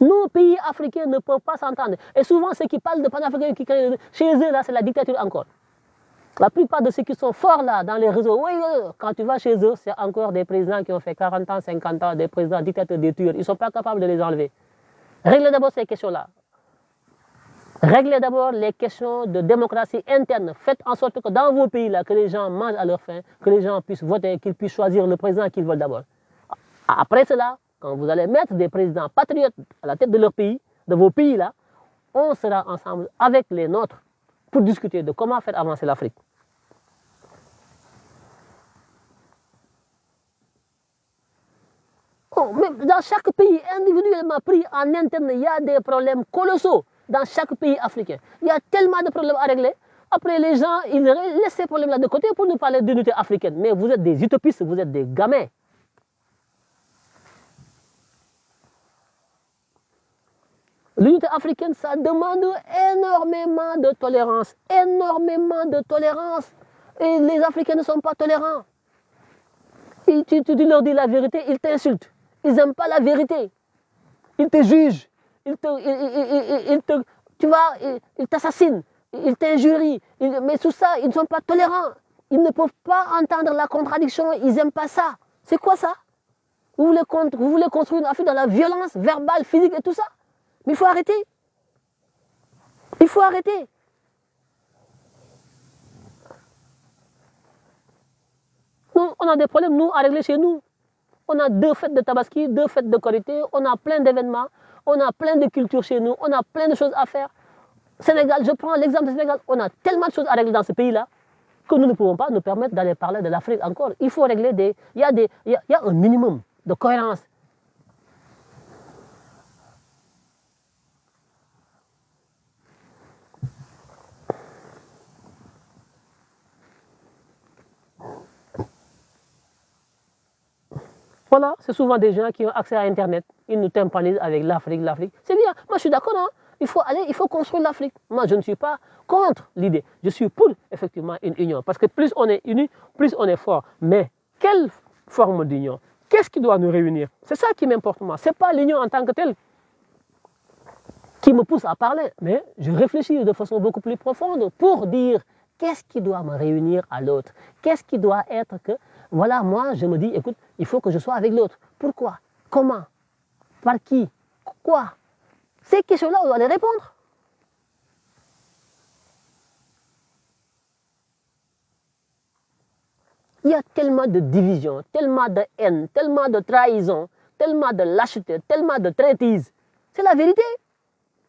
Nos pays africains ne peuvent pas s'entendre. Et souvent, ceux qui parlent de panafricains, qui, chez eux, là, c'est la dictature encore. La plupart de ceux qui sont forts là dans les réseaux, quand tu vas chez eux, c'est encore des présidents qui ont fait ans, 50 ans, des présidents dictateurs, des tueurs. Ils ne sont pas capables de les enlever. Réglez d'abord ces Réglez d'abord les questions de démocratie interne. Faites en sorte que dans vos pays, là, que les gens mangent à leur faim, que les gens puissent voter, qu'ils puissent choisir le président qu'ils veulent d'abord. Après cela, quand vous allez mettre des présidents patriotes à la tête de leur pays, de vos pays, là, on sera ensemble avec les nôtres pour discuter de comment faire avancer l'Afrique. Oh, mais dans chaque pays individuellement pris en interne, il y dans chaque pays africain. Il y a tellement de problèmes à régler. Après, les gens, ils laissent ces problèmes-là de côté pour nous parler d'unité africaine. Mais vous êtes des utopistes, vous êtes des gamins. L'unité africaine, ça demande énormément de tolérance, énormément de tolérance. Et les Africains ne sont pas tolérants. tu, tu, leur dis la vérité, ils t'insultent. Ils n'aiment pas la vérité. Ils te jugent. il te, il, il, il, te tu vois, il, t'assassine, il t'injurie. Mais tout ça, ils ne sont pas tolérants. Ils ne peuvent pas entendre la contradiction, ils n'aiment pas ça. C'est quoi ça vous voulez, construire une affaire dans la violence verbale, physique et tout ça Mais il faut arrêter. Il faut arrêter. Nous, on a deux fêtes de Tabaski, deux fêtes de Corité, on a plein d'événements. on a plein de cultures chez nous, on a plein de choses à faire. Sénégal, je prends l'exemple du Sénégal, on a tellement de choses à régler dans ce pays-là que nous ne pouvons pas nous permettre d'aller parler de l'Afrique encore. Il faut régler des gens qui ont accès à Internet. ils nous tympanisent avec l'Afrique, l'Afrique. C'est bien, moi je suis d'accord, hein? il faut aller, il faut construire l'Afrique. Moi je ne suis pas contre l'idée, je suis pour effectivement une union. Parce que plus on est unis, plus on est fort. Mais quelle forme d'union Qu'est-ce qui doit nous réunir C'est ça qui m'importe moi, ce n'est pas l'union en tant que telle qui me pousse à parler, mais je réfléchis de façon beaucoup plus profonde pour dire qu'est-ce qui doit me réunir à l'autre Qu'est-ce qui doit être que, voilà, moi, je me dis, écoute, il faut que je sois avec l'autre. Pourquoi Comment Par qui Quoi Ces questions-là, on doit les répondre. Il y a tellement de divisions, tellement de haine, tellement de trahison, tellement de lâcheté, tellement de traîtrise. C'est la vérité.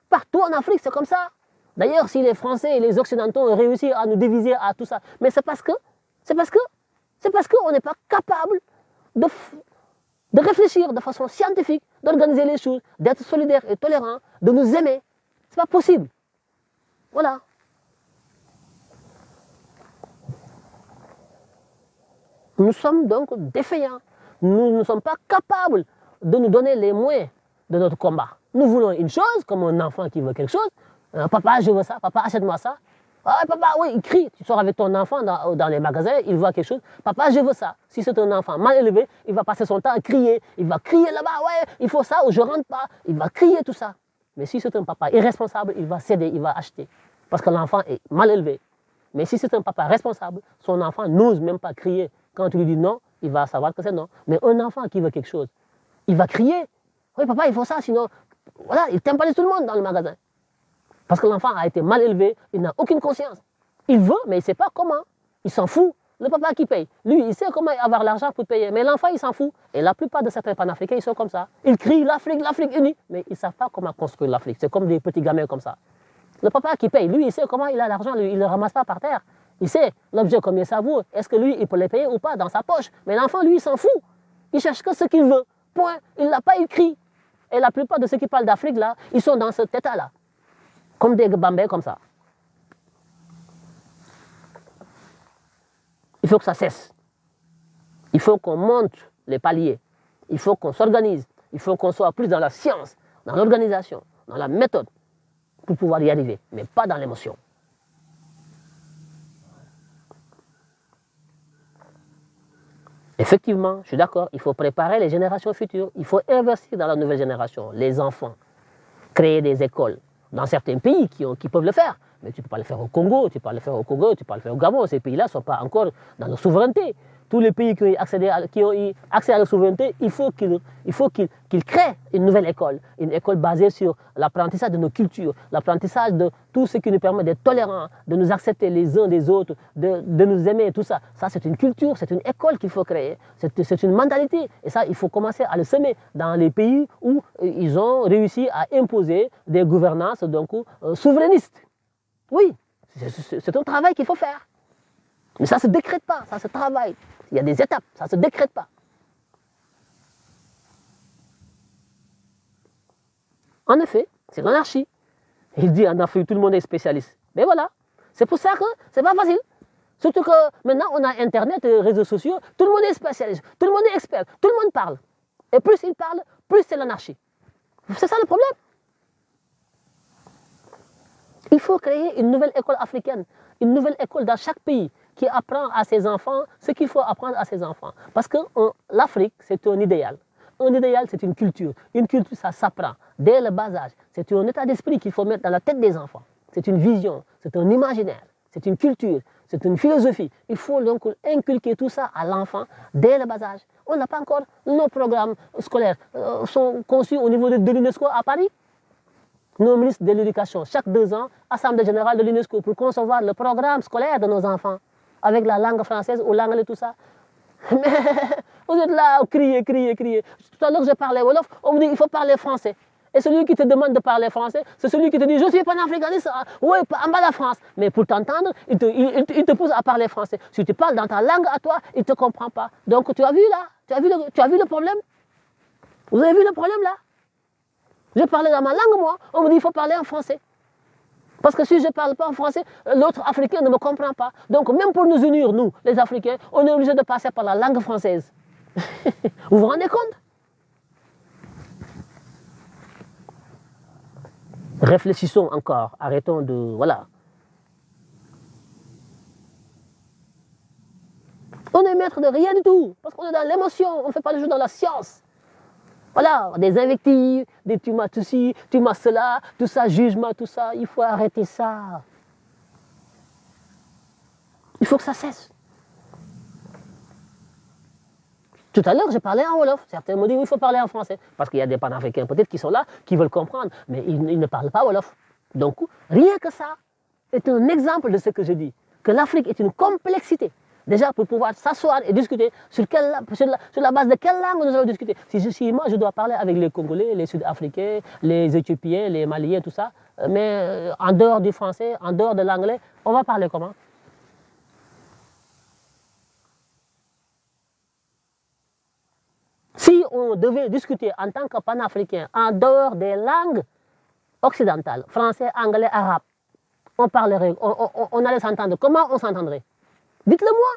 Partout en Afrique, c'est comme ça. D'ailleurs, si les Français et les Occidentaux ont réussi à nous diviser à tout ça, mais c'est parce que, c'est parce que, c'est parce qu'on n'est pas capable de, de réfléchir de façon scientifique, d'organiser les choses, d'être solidaire et tolérant, de nous aimer. Ce pas possible. Voilà. Nous sommes donc défaillants. Nous ne sommes pas capables de nous donner les moyens de notre combat. Nous voulons une chose, comme un enfant qui veut quelque chose. Euh, papa, je ça. Ah, papa, oui, il crie. Tu sors avec ton enfant dans, dans, les il voit quelque chose. Papa, je veux ça. Si c'est un enfant mal élevé, il va passer son temps à crier. Il va crier là-bas, ouais, il va crier tout ça. Mais si c'est un papa irresponsable, il va céder, il va acheter. Parce que l'enfant est mal élevé. Mais si c'est un papa responsable, son enfant n'ose même pas crier. Quand tu lui dis non, il va savoir que chose, il va crier. Oui, papa, il faut ça, sinon, il t'aime le monde dans le magasin. Parce que l'enfant a été mal élevé, il n'a aucune conscience. Il veut, mais il sait pas comment. Il s'en fout. Le papa qui paye, lui, il sait comment avoir l'argent pour payer, mais l'enfant, il s'en fout. Et la plupart de certains panafricains, ils sont comme ça. Ils crient l'Afrique, l'Afrique unie, mais ils ne savent pas construire l'Afrique. C'est comme des petits gamins comme ça. Le papa qui paye, lui, il sait comment il a l'argent, il ne ramasse pas par terre. Il comme dégg Bambey comme ça il faut que ça cesse il faut qu'on monte les paliers il faut qu'on s'organise il faut qu'on soit plus dans la science dans l'organisation dans la méthode pour pouvoir y arriver mais pas dans l'émotion Effectivement, je suis d'accord, il faut préparer les générations futures, il faut investir dans la nouvelle génération, les enfants, créer des écoles, dans certains pays qui, ont, qui peuvent le faire. Mais tu ne peux pas le faire au Congo, tu ne faire au Gabon. Ces pays-là ne sont pas encore dans leur souveraineté. Tous les pays qui ont, eu accès à la souveraineté, il faut qu'ils créent une nouvelle école. Une école basée sur l'apprentissage de nos cultures, l'apprentissage de tout ce qui nous permet d'être tolérants, de nous accepter les uns des autres, de, nous aimer, tout ça. c'est une culture, c'est une école qu'il faut créer. C'est une mentalité. Et ça, il Oui, c'est un travail qu'il faut faire. Mais ça se décrète pas, ça se travaille. Il y a des étapes, ça ne se décrète pas. En effet, c'est l'anarchie. Il dit en Afrique, tout le monde est spécialiste. Mais voilà, c'est pour ça que c'est pas facile. Surtout que maintenant, on a Internet, et réseaux sociaux, tout le monde est spécialiste, tout le monde est expert, tout le monde parle. Et plus il parle, plus c'est l'anarchie. C'est ça le problème. Il faut créer une nouvelle école africaine, une nouvelle école dans chaque pays qui apprend à ses enfants ce qu'il faut apprendre à ses enfants. Parce que l'Afrique, c'est un idéal. Un idéal, c'est une culture. Une culture, ça s'apprend dès le bas âge. C'est un état d'esprit qu'il faut mettre dans la tête des enfants. C'est une vision, c'est un imaginaire, c'est une culture, c'est une philosophie. Il faut donc inculquer tout ça à l'enfant dès le bas âge. On n'a pas encore, nos programmes scolaires euh, sont conçus au niveau de à Paris. nos ministres de l'éducation, chaque deux ans, Assemblée générale de l'UNESCO pour concevoir le programme scolaire de nos enfants avec la langue française ou l'anglais, tout ça. Mais vous êtes là, criez, criez, criez. Tout à l'heure, je parlais Wolof, on me dit il faut parler français. Et celui qui te demande de parler français, c'est celui qui te dit je suis panafricaniste, ah, oui, la France. Mais pour t'entendre, il te, il, il te, pousse à parler français. Si tu parles dans Je parlais dans ma langue, moi. On me dit, il faut parler en français. Parce que si je ne parle pas en français, l'autre Africain ne me comprend pas. Donc même pour nous unir, nous, les Africains, on est obligé de passer par la langue française. vous rendez compte Réfléchissons encore, arrêtons de... Voilà. On est maître de rien du tout, parce qu'on est dans l'émotion, on ne fait pas le jeu dans la science. Voilà, des invectives, des tu m'as ceci, tu m'as cela, tout ça, jugement, tout ça. Il faut arrêter ça. Il faut que ça cesse. Tout à l'heure, j'ai parlé en Wolof. Certains m'ont dit, oui, il faut parler en français. Parce qu'il y a des panafricains peut-être qui sont là, qui veulent comprendre, mais ils, ils ne parlent pas Wolof. Donc, rien que ça est un exemple de ce que je dis, que l'Afrique est une complexité. déjà pour pouvoir s'asseoir et discuter sur, quelle, sur, la, sur, la, base de quelle langue nous allons discuter. Si, je, si moi je dois parler avec les Congolais, les Sud-Africains, les Éthiopiens, les Maliens, tout ça, euh, mais euh, en dehors du français, en dehors de l'anglais, on va parler comment Si on devait discuter en tant que panafricain en dehors des langues occidentales, français, anglais, arabe, on parlerait, on, on, on allait s'entendre. Comment on s'entendrait Dites-le moi.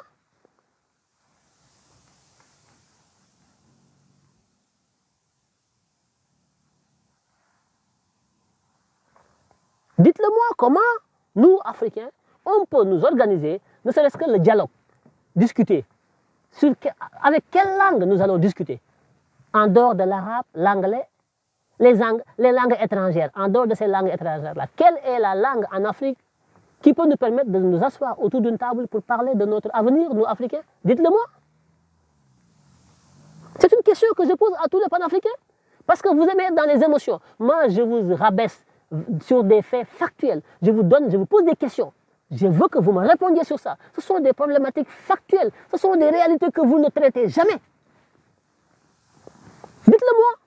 Dites-le moi comment nous, Africains, on peut nous organiser, ne serait-ce que le dialogue, discuter. Sur que, avec quelle langue nous allons discuter En dehors de l'arabe, l'anglais, les, les langues étrangères, en dehors de ces langues étrangères-là. Quelle est la langue en Afrique qui peut nous permettre de nous asseoir autour d'une table pour parler de notre avenir, nous Africains Dites-le-moi. C'est une question que je pose à tous les panafricains. Parce que vous aimez être dans les émotions. Moi, je vous rabaisse sur des faits factuels. Je vous donne, je vous pose des questions. Je veux que vous me répondiez sur ça. Ce sont des problématiques factuelles. Ce sont des réalités que vous ne traitez jamais. Dites-le-moi.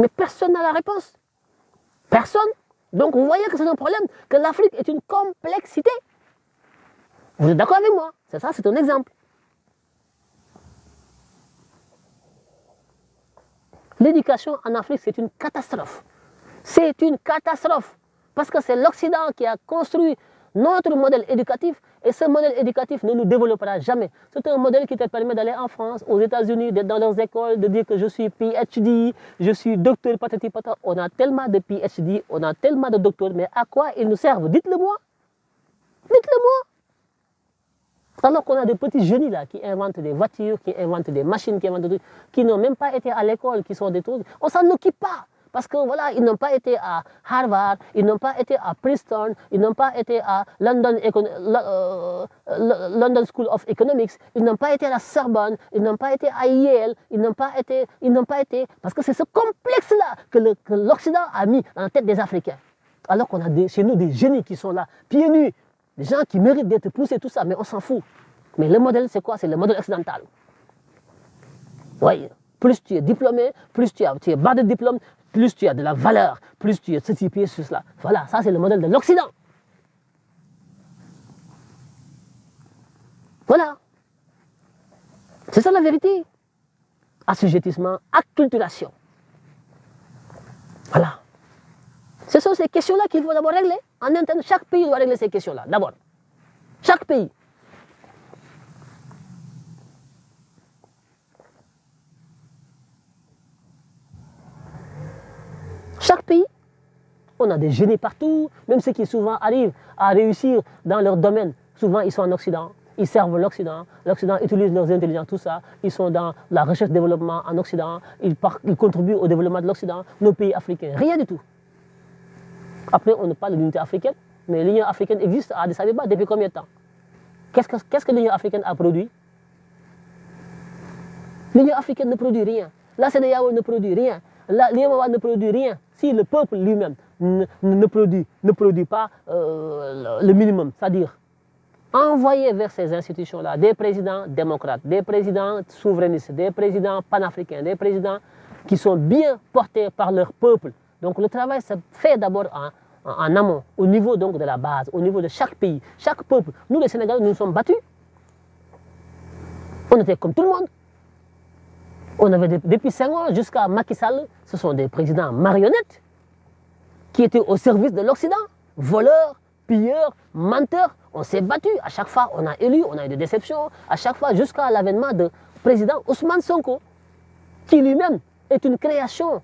Mais personne n'a la réponse. Personne. Donc vous voyez que c'est un problème, que l'Afrique est une complexité. Vous êtes d'accord avec moi un exemple. L'éducation c'est une catastrophe. C'est une catastrophe. Parce que c'est l'Occident qui a construit notre modèle éducatif Et ce modèle éducatif ne nous développera jamais. C'est un modèle qui te permet d'aller en France, aux États-Unis, dans leurs écoles, de dire que je suis PhD, je suis docteur, patati patata. On a tellement de PhD, on a tellement de docteurs, mais à quoi ils nous servent Dites-le moi. Dites-le moi. Alors qu'on a des petits génies là qui inventent des voitures, qui inventent des machines, qui n'ont même pas été à l'école, qui sont des trucs. On s'en occupe pas. Parce que voilà, ils n'ont pas été à ah, Harvard, ils n'ont pas été à London, School of Economics, ils n'ont pas été à ah, la Sorbonne, ils n'ont pas été à ah, Yale, ils n'ont pas été, parce que c'est ce complexe-là que l'Occident a mis dans la tête des Africains. Alors qu'on a des, génies qui sont là, pieds nus, des gens qui méritent d'être poussés, tout ça, mais on s'en fout. Mais le modèle, c'est quoi C'est le modèle occidental. plus tu es diplômé, plus tu, es bas de diplôme, plus tu as de la valeur, plus tu es ceci, plus sur cela. Voilà, ça c'est le modèle de l'Occident. Voilà. C'est ça la vérité. Assujettissement, acculturation. Voilà. Ce sont ces questions-là qu'il faut d'abord régler. En interne, chaque pays doit régler ces questions-là, d'abord. Chaque pays. Chaque pays, on a des génies partout, même ceux qui souvent arrivent à réussir dans leur domaine. Souvent, ils sont en Occident, ils servent l'Occident, l'Occident utilise leurs intelligences, tout ça. Ils sont dans la recherche-développement en Occident, ils, part, ils contribuent au développement de l'Occident, nos pays africains, rien du tout. Après, on ne parle mais l'Union africaine existe à Addis Abeba depuis combien de temps Qu'est-ce que, qu que l'Union africaine a produit L'Union africaine ne produit rien. La CDAO ne la l'IMOA ne produit rien si le peuple lui-même ne, ne, produit, ne produit pas euh, le minimum, c'est-à-dire envoyer vers ces institutions-là des présidents démocrates, des présidents souverainistes, des présidents panafricains, des présidents qui sont bien portés par leur peuple. Donc le travail se fait d'abord en, en, en, amont, au niveau donc de la base, au niveau de chaque pays, chaque peuple. Nous les Sénégalais, nous nous sommes battus. On était comme tout le monde. On avait depuis Senghor jusqu'à Macky Sall, ce sont des présidents marionnettes qui étaient au service de l'Occident, voleurs, pilleurs, menteurs. On s'est battu. À chaque fois, on a élu, on a eu des déceptions. À chaque fois, jusqu'à l'avènement de président Ousmane Sonko, qui lui-même est une création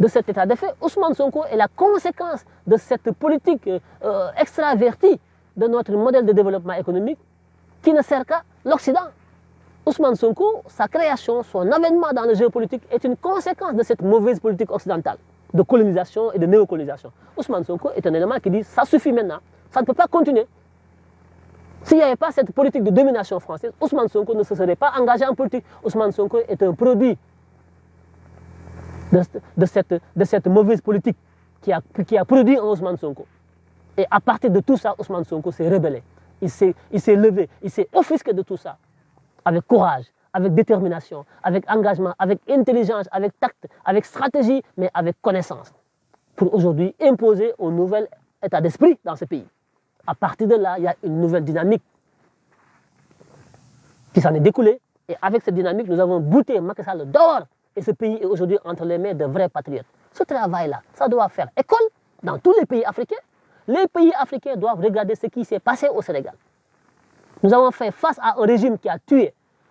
de cet état de fait. Ousmane Sonko est la conséquence de cette politique euh, extravertie de notre modèle de développement économique qui ne sert qu'à l'Occident. Ousmane Sonko, sa création, son avènement dans le géopolitique est une conséquence de cette mauvaise politique occidentale de colonisation et de néocolonisation. Ousmane Sonko est un élément qui dit ça suffit maintenant, ça ne peut pas continuer. S'il n'y avait pas cette politique de domination française, Ousmane Sonko ne se serait pas engagé en politique. Ousmane Sonko est un produit de, de, cette, de cette, mauvaise politique qui a, qui a produit un Ousmane Sonko. Et à partir de tout ça, Ousmane Sonko s'est rebellé. Il s'est levé, il de tout ça. avec courage, avec détermination, avec engagement, avec intelligence, avec tact, avec stratégie, mais avec connaissance, pour aujourd'hui imposer un nouvel état d'esprit dans ce pays. À partir de là, il y a une nouvelle dynamique qui s'en est découlée. Et avec cette dynamique, nous avons bouté Macky dehors. Et ce pays est aujourd'hui entre les mains de vrais patriotes. Ce travail-là, ça doit faire école dans tous les pays africains. Les pays africains doivent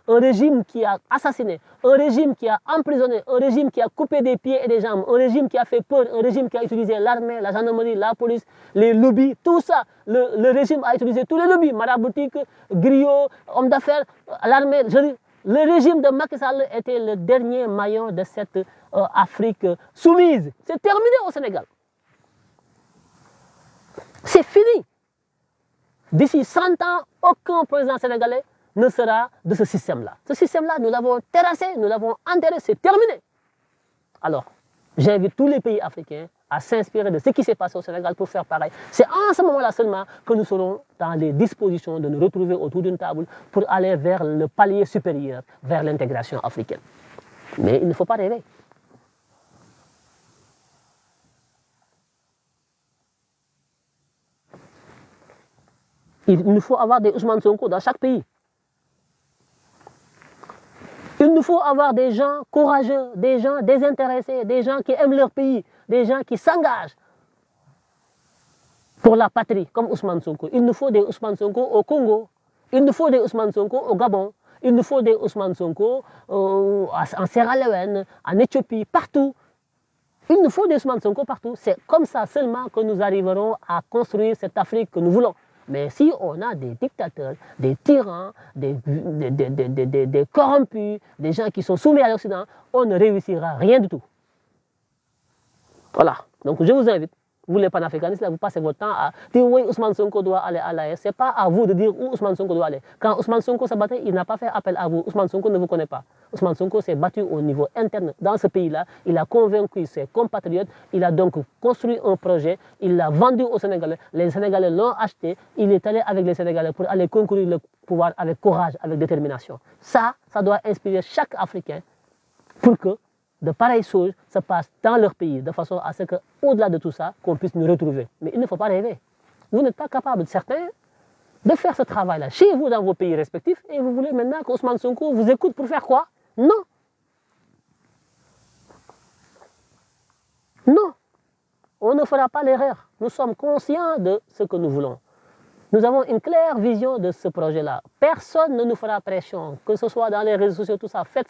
un régime qui a assassiné, un régime qui a emprisonné, un régime qui a coupé des pieds et des jambes, un régime qui a fait peur, un régime qui a utilisé l'armée, la gendarmerie, la police, les lobbies, tout ça. Le, le régime a utilisé tous les lobbies, maraboutique, griot, hommes d'affaires, l'armée. Le régime de Macky Sall était le dernier maillon de cette euh, Afrique soumise. C'est terminé au Sénégal. C'est fini. D'ici ans, aucun président sénégalais ne sera de ce système-là. Ce système nous l'avons terrassé, nous l'avons enterré, terminé. Alors, j'invite tous les pays africains à s'inspirer de ce qui s'est passé au Sénégal pour faire pareil. C'est en ce moment-là seulement que nous serons dans les dispositions de nous retrouver autour d'une table pour aller vers le palier supérieur, vers l'intégration africaine. Mais il ne faut pas rêver. Il nous faut avoir des Ousmane Sonko dans chaque pays. Il nous faut avoir des gens courageux, des gens désintéressés, des gens qui aiment leur pays, des gens qui s'engagent pour la patrie, comme Ousmane Sonko. Il nous faut des Ousmane Sonko au Congo, il nous faut des Ousmane Sonko au Gabon, il nous faut des osman Sonko euh, en Sierra Leone, en Éthiopie, partout. Il nous faut des Ousmane Sonko partout. C'est comme ça seulement que nous arriverons à construire cette Afrique que nous voulons. Mais si on a des dictateurs, des tyrans, des, des, des, des corrompus, des gens qui sont soumis à l'Occident, on ne réussira rien du tout. Voilà. Donc je vous invite vous les panafricanistes, là, vous passez votre temps à dire oui, Ousmane doit aller à l'AS. Ce n'est pas à vous de dire où Ousmane Sonko doit aller. Quand Ousmane Sonko s'est battu, il n'a pas fait appel à vous. Ousmane Sonko ne vous connaît pas. Ousmane Sonko s'est battu au niveau interne dans ce pays-là. Il a convaincu ses compatriotes. Il a donc construit un projet. Il l'a vendu aux Sénégalais. Les Sénégalais l'ont acheté. Il est allé avec les Sénégalais pour aller concourir de pareilles choses se passent dans leur pays, de façon à ce qu'au-delà de tout ça, qu'on puisse nous retrouver. Mais il ne faut pas rêver. Vous n'êtes pas capable, certains, de faire ce travail-là chez vous, dans vos pays respectifs, et vous voulez maintenant qu'Ousmane Sonko vous écoute pour faire quoi Non On ne fera pas l'erreur. Nous sommes conscients de ce que nous voulons. Nous avons une claire vision de ce projet-là. Personne ne nous fera pression, ça. Faites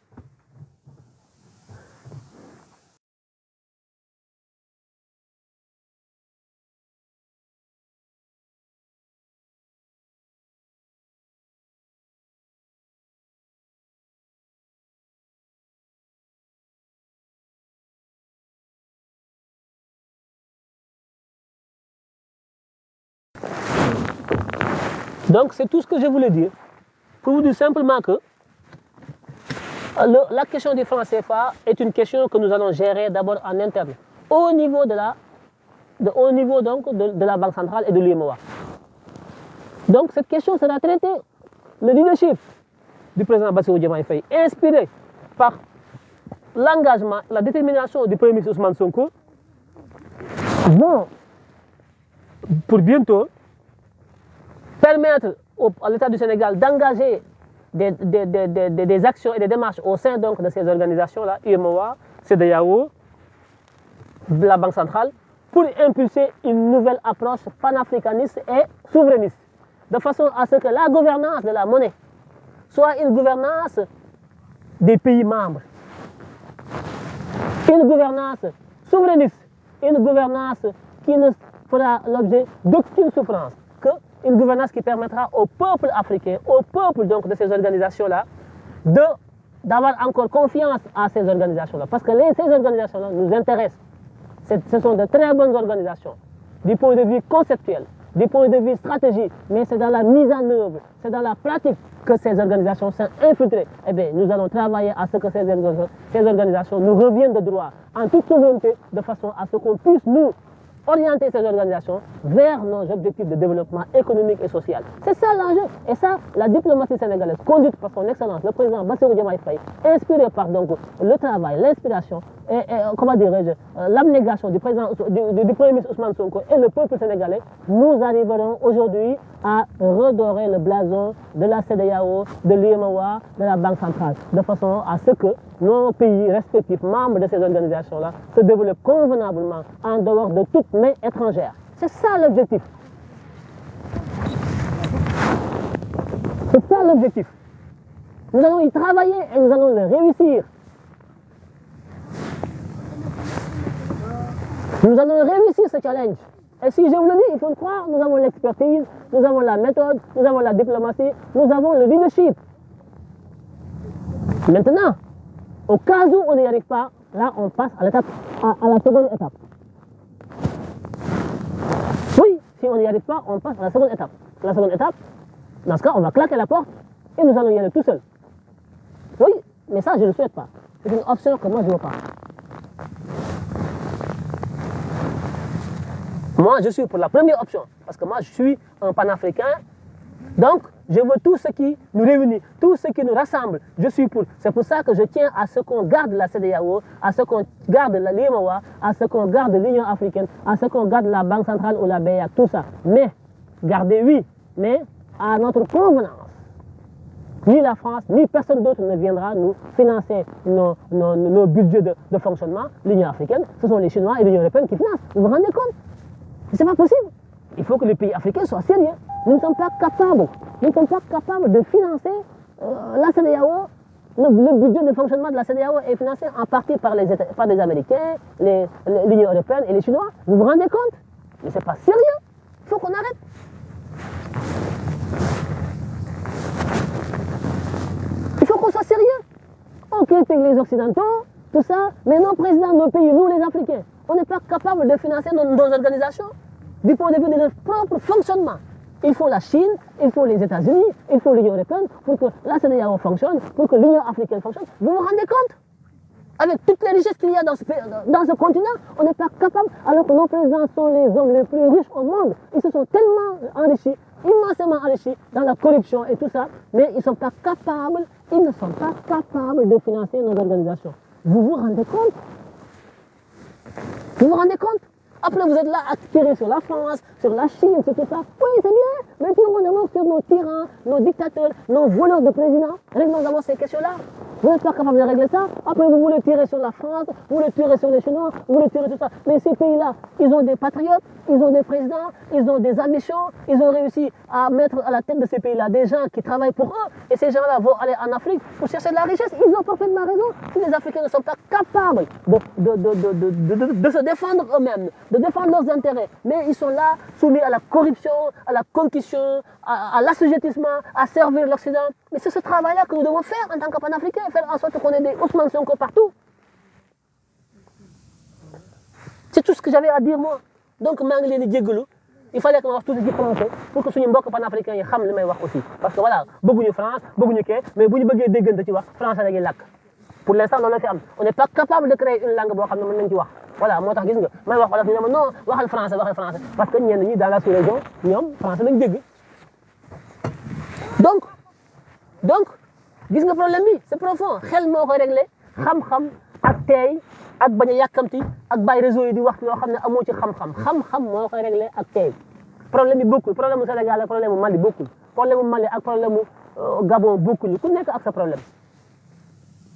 Donc c'est tout ce que je voulais dire. Pour vous dire simplement que euh, le, la question des francs CFA est une question que nous allons gérer d'abord en interne, au niveau de la, de, au niveau donc de, de, la Banque centrale et de l'IMOA. Donc cette question sera traitée. Le leadership du président Bassirou Diomaye Faye, inspiré par l'engagement, la détermination du premier ministre Ousmane Sonko, vont pour bientôt permettre au, à l'État du Sénégal d'engager des, des, des, des, actions et des démarches au sein donc de ces organisations-là, UMOA, CDAO, de la Banque centrale, pour impulser une nouvelle approche panafricaniste et souverainiste, de façon à ce que la gouvernance de la monnaie soit une gouvernance des pays membres, une gouvernance qui ne fera l'objet d'aucune souffrance. une gouvernance qui permettra au peuple africain, au peuple donc de ces organisations-là, de d'avoir encore confiance à ces organisations Parce que les, ces organisations-là nous intéressent. Ce sont de très bonnes organisations, du point de vue conceptuel, du point de vue stratégique, mais c'est dans la mise en œuvre, c'est dans la pratique que ces organisations sont infiltrées. Eh nous allons travailler à ce que ces organisations, nous reviennent de droit, en toute souveraineté, orienter ces organisations vers nos objectifs de développement économique et social. C'est ça l'enjeu. Et ça, la diplomatie sénégalaise, conduite par son excellence, le président Bassirou Diomaye Faye, inspiré par donc le travail, l'inspiration euh, comment dirais-je, euh, l'abnégation du, président, du, premier ministre Ousmane Sonko et le peuple sénégalais, nous arriverons aujourd'hui à redorer le blason de la CDAO, de l'UMOA, de la Banque centrale, de nos pays respectifs, membres de ces organisations-là, se développent convenablement en dehors de toute main étrangère. C'est ça l'objectif. C'est ça l'objectif. Nous allons y travailler et nous allons le réussir. ce challenge. Et si je vous nous avons l'expertise, nous avons la méthode, nous avons la diplomatie, nous avons le leadership. Maintenant, Au cas où on n'y pas, là, on passe à, l'étape, à, la seconde étape. Oui, si on n'y pas, on passe à la seconde étape. La seconde étape, dans cas, on va claquer la porte et nous allons y aller tout seul. Oui, mais ça, je ne souhaite pas. C'est une option que moi, je ne pas. Moi, je suis pour la première option, parce que moi, je suis un panafricain. je veux tout ce qui nous réunit, tout ce qui nous rassemble. Je suis pour. C'est pour ça que je tiens à ce qu'on garde la CDAO, à ce qu'on garde la l'IMOA, e à ce qu'on garde l'Union africaine, à ce qu'on garde la Banque centrale ou la BEA, tout ça. Mais, garder oui, mais à notre convenance. Ni la France, ni personne d'autre ne viendra nous financer nos, nos, nos budgets de, fonctionnement. L'Union africaine, ce sont les Chinois et l'Union européenne qui financent. Vous Il faut que les Nous ne sommes pas capables, nous ne sommes pas capables de financer euh, la CDAO. Le, budget de fonctionnement de la CDAO est financé en partie par les, par les Américains, l'Union européenne et les Chinois. Vous vous rendez compte Mais c'est pas sérieux. Il faut qu'on arrête. Il faut qu'on soit sérieux. On critique les Occidentaux, tout ça, mais non, président de nos pays, les Africains, on n'est pas capable de financer nos, nos organisations du point de vue de notre propre fonctionnement. il faut la Chine, il faut l'Union européenne pour que la CEDEAO fonctionne, pour que l'Union africaine fonctionne. Vous rendez compte Avec toutes les richesses qu'il y dans ce, continent, on n'est pas capable, alors que nos présidents sont les hommes plus riches au monde. Ils se sont tellement enrichis, dans la corruption et tout ça, mais ils ne sont pas capables, de financer nos organisations. Vous vous rendez compte Après, vous êtes là à tirer sur la France, sur la Chine, sur tout ça. Oui, c'est bien. Mais puis, on avance sur nos tyrans, nos dictateurs, nos voleurs de présidents. Réglons d'abord ces questions-là. Vous n'êtes pas capable de régler ça. Après, vous voulez tirer sur la France, vous voulez tirer sur les Chinois, vous voulez tirer tout ça. patriotes, ils ont des présidents, ils ont des ambitions, ils ont réussi à mettre à la tête de ces pays-là des gens qui travaillent pour eux. Et ces gens-là vont aller en Afrique pour chercher de la richesse. Ils ont parfaitement de, la conquistion, à, l'assujettissement, à servir l'Occident. Mais c'est ce travail-là que nous devons faire en sorte qu'on ait des Ousmane Sonko partout. C'est tout ce que j'avais à dire moi. Donc, il fallait qu'on tout dit français pour que suñu mbokk panafricain yi xam li may wax aussi. Parce que voilà, bëgguñu France, bëgguñu kee, mais bu ñu bëggee déggante ci wax, français la ñuy làkk. Pour l'instant, loolu la fi am. On n'est pas capable de créer une langue boo xam ne mën nañ ci wax. Voilà, moo tax gis nga may wax wala ñu ne ma non, waxal français, waxal français. Parce que ñenn ñi dans la sous-région, ñoom français lañ dégg. Donc, donc, gis nga problème bi c'est profond xel moo koy réglé xam-xam ak teey ak bañ a yàkkamti ak bàyyi réseau di wax yoo xam ne amoo ci xam-xam xam-xam moo koy réglé ak teey problème bi bokkul problème mu Sénégal ak problème mu Mali bokkul problème mu Mali ak problème mu euh, Gabon bokkul ku nekk ak sa problème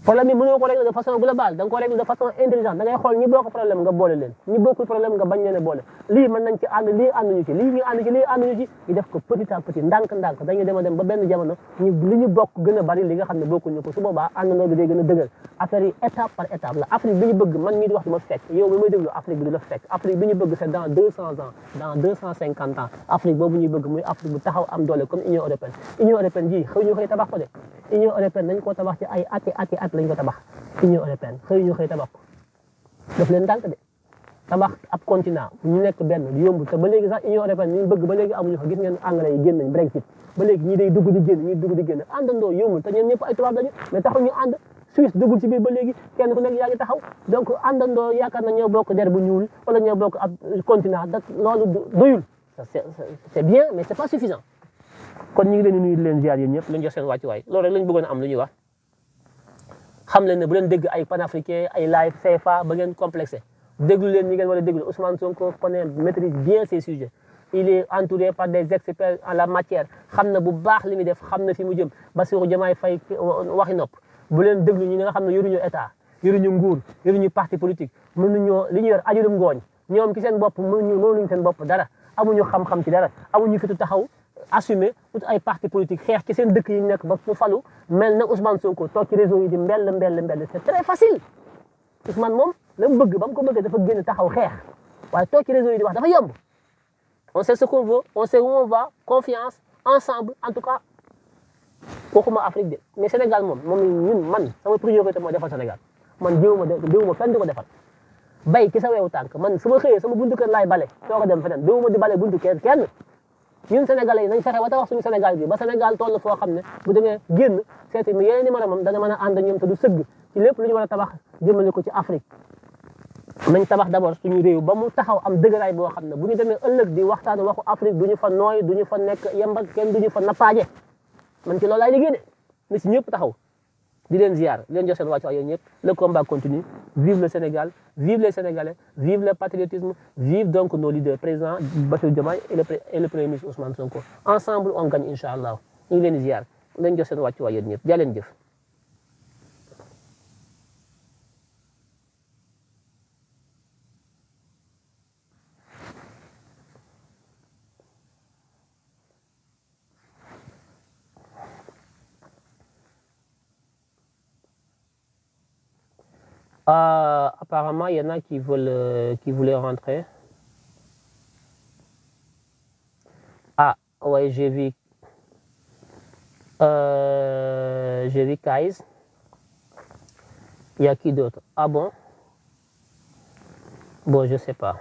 problème bi mënoo ko régler de façon globale da nga ko régler de façon intelligente da ngay xool ñi bokk problème nga boole leen ñi bokkul problème nga bañ leen a boole lii mën nañ ci ànd lii ànduñu ci lii ñu ànd ci lii ànduñu ci ñu def ko petit à petit ndànk-ndànk dañuy dem a dem ba benn jamono ñu li ñu bokk gën a bari li nga xam ne bokkuñu ko su boobaa àndandoo bi day gën a dëgër affaire yi étape par étape la Afrique bi ñu bëgg man mii di wax du ma fekk yow mi may déglu Afrique bi du la fekk Afrique bi ñu bëgg c'est dans deux cent ans dans deux cent cinquante ans Afrique boobu ñuy bëgg muy Afrique bu taxaw am doole comme Union européenne Union européenne jii xëy ñu xëy tabax ko de Union européenne dañ ko tabax ci ay ati ati lañ ko tabax union européenne xëy ñu xëy tabax ko daf leen tànk de tabax ab continent ñu nekk benn du yomb te ba léegi sax union européenne ñu bëgg ba léegi amuñu ko gis ngeen anglais yi génn nañ dugg di génn ñii dugg ci biir ba kenn ku nekk yaa ngi taxaw donc àndandoo yaakaar na ñoo bokk der bu ñuul wala ñoo bokk ab da loolu doyul c'est bien mais c'est pas suffisant kon ñu ngi leen di nuyu leen ziar yéen ñëpp lañ jox seen wàccuwaay loolu rek lañ a am lu ñuy wax xam leen ne bu leen dégg ay panafricain ay laay CFA ba ngeen complexé déglu leen ñi ngeen war a déglu Ousmane Sonko connaît maîtrise bien ces sujets il est entouré par des experts en la matière xam na bu baax li muy def xam na fi mu jëm Bassirou Diomaye Faye euh, waxi nopp bu leen déglu ne nga xam ne yoruñu état yoruñu nguur yoruñu parti politique mënuñoo li ñu yor ajulum ngooñ ñoom ki seen bopp mënuñu mënuñu seen bopp dara amuñu xam-xam ci dara amuñu fitu taxaw assumer ut ay parti politique xeex ci seen dëkk yi nekk ba fu falu mel na Ousmane Sonko toog ci réseau yi di mbell mbell mbell c'est très facile Ousmane moom la mu bëgg ba mu ko bëggee dafa génn taxaw xeex waaye toog ci réseau yi di wax dafa yomb on sait ce qu'on veut on sait où on va confiance ensemble en tout cas waxuma Afrique de mais Sénégal moom moom ñun man sama priorité moo defal Sénégal man jéewuma jéewuma fenn di ko defal bay ki sa weewu tànk man su ma xëyee sama buntu kër laay bale soo ko dem feneen jéewuma di bale buntu kër kenn ñun sénégalais yi nañ fexe ba tabax suñu sénégal bi ba sénégal toll foo xam ne bu demee génn seeti mu yeneen ma moromam dana mën a ànd ñoom te du sëgg ci lépp lu ñu war a tabax jëmale ko ci man nañ tabax d' abord suñu réew ba mu taxaw am dëgëraay boo xam ne bu ñu demee ëllëg di waxtaan waxu afrique du ñu fa nooy du ñu fa nekk yemb ak kenn du ñu fa nappaaje man ci loolu laay liggéey de ni si ñëpp taxaw di leen ziar di leen jox ñëpp le combat continue vive le Sénégal vive les Sénégalais vive le patriotisme vive donc nos leaders président Bassirou Diomaye et le et le premier ministre Ousmane Sonko ensemble on gagne incha allah ñu ngi leen di ziar di leen jox seen wàccu ñëpp jaa leen jëf. Euh, apparemment, a qui, veulent, euh, qui voulaient rentrer. Ah, ouais, j'ai vu. Euh, j'ai vu Kais. Il y a qui d'autre Ah bon Bon, je sais pas.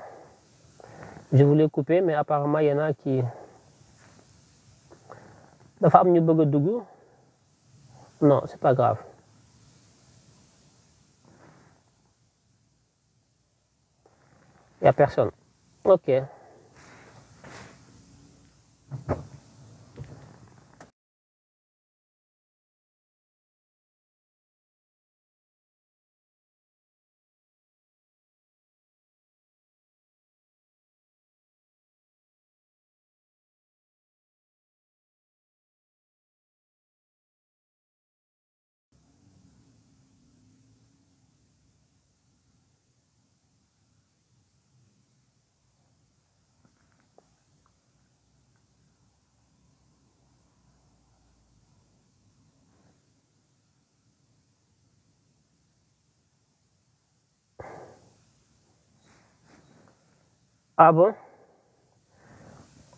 Je voulais couper, mais apparemment, il y en a qui. La Non, c'est pas grave. Il n'y a personne. Ok. Ah bon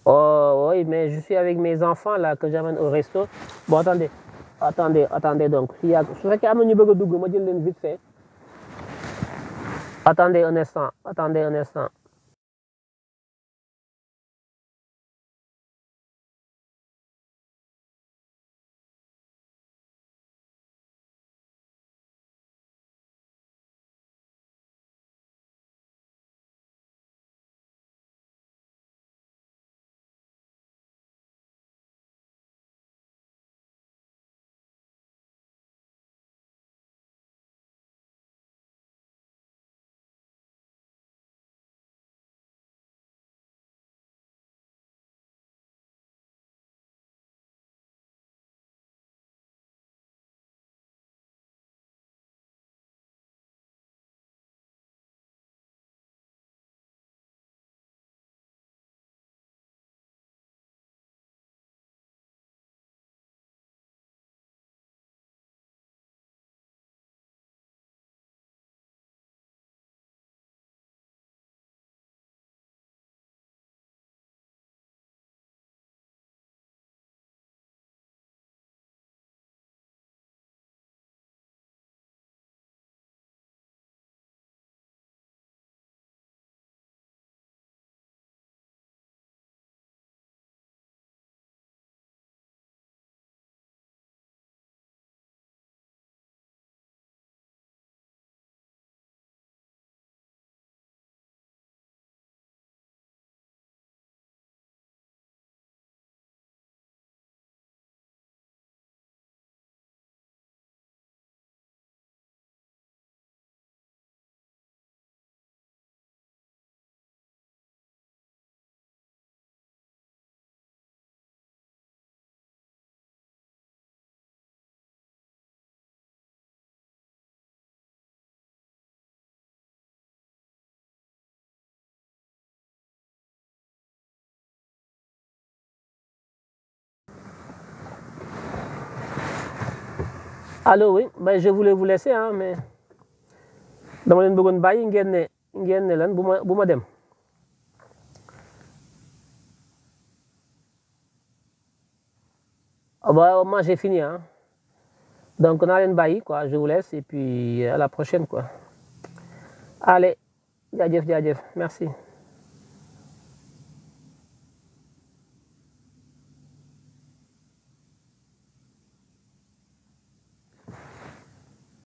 Oh oui, mais je suis avec mes enfants là que j'amène au resto. Bon, attendez, attendez, attendez donc. Il y a... su fekkee am na ñu bëgg a dugg ma jël leen vite fait. Attendez un instant, attendez allo oui ben je voulais vous laisser ah mais dama leen bëggoon bàyyi ngeen ne ngeen ne lan bu ma bu ma dem. Ah, bah moi j'ai fini hein donc naa leen bàyyi quoi je vous laisse et puis à la prochaine quoi allez jaajëf jaajëf merci.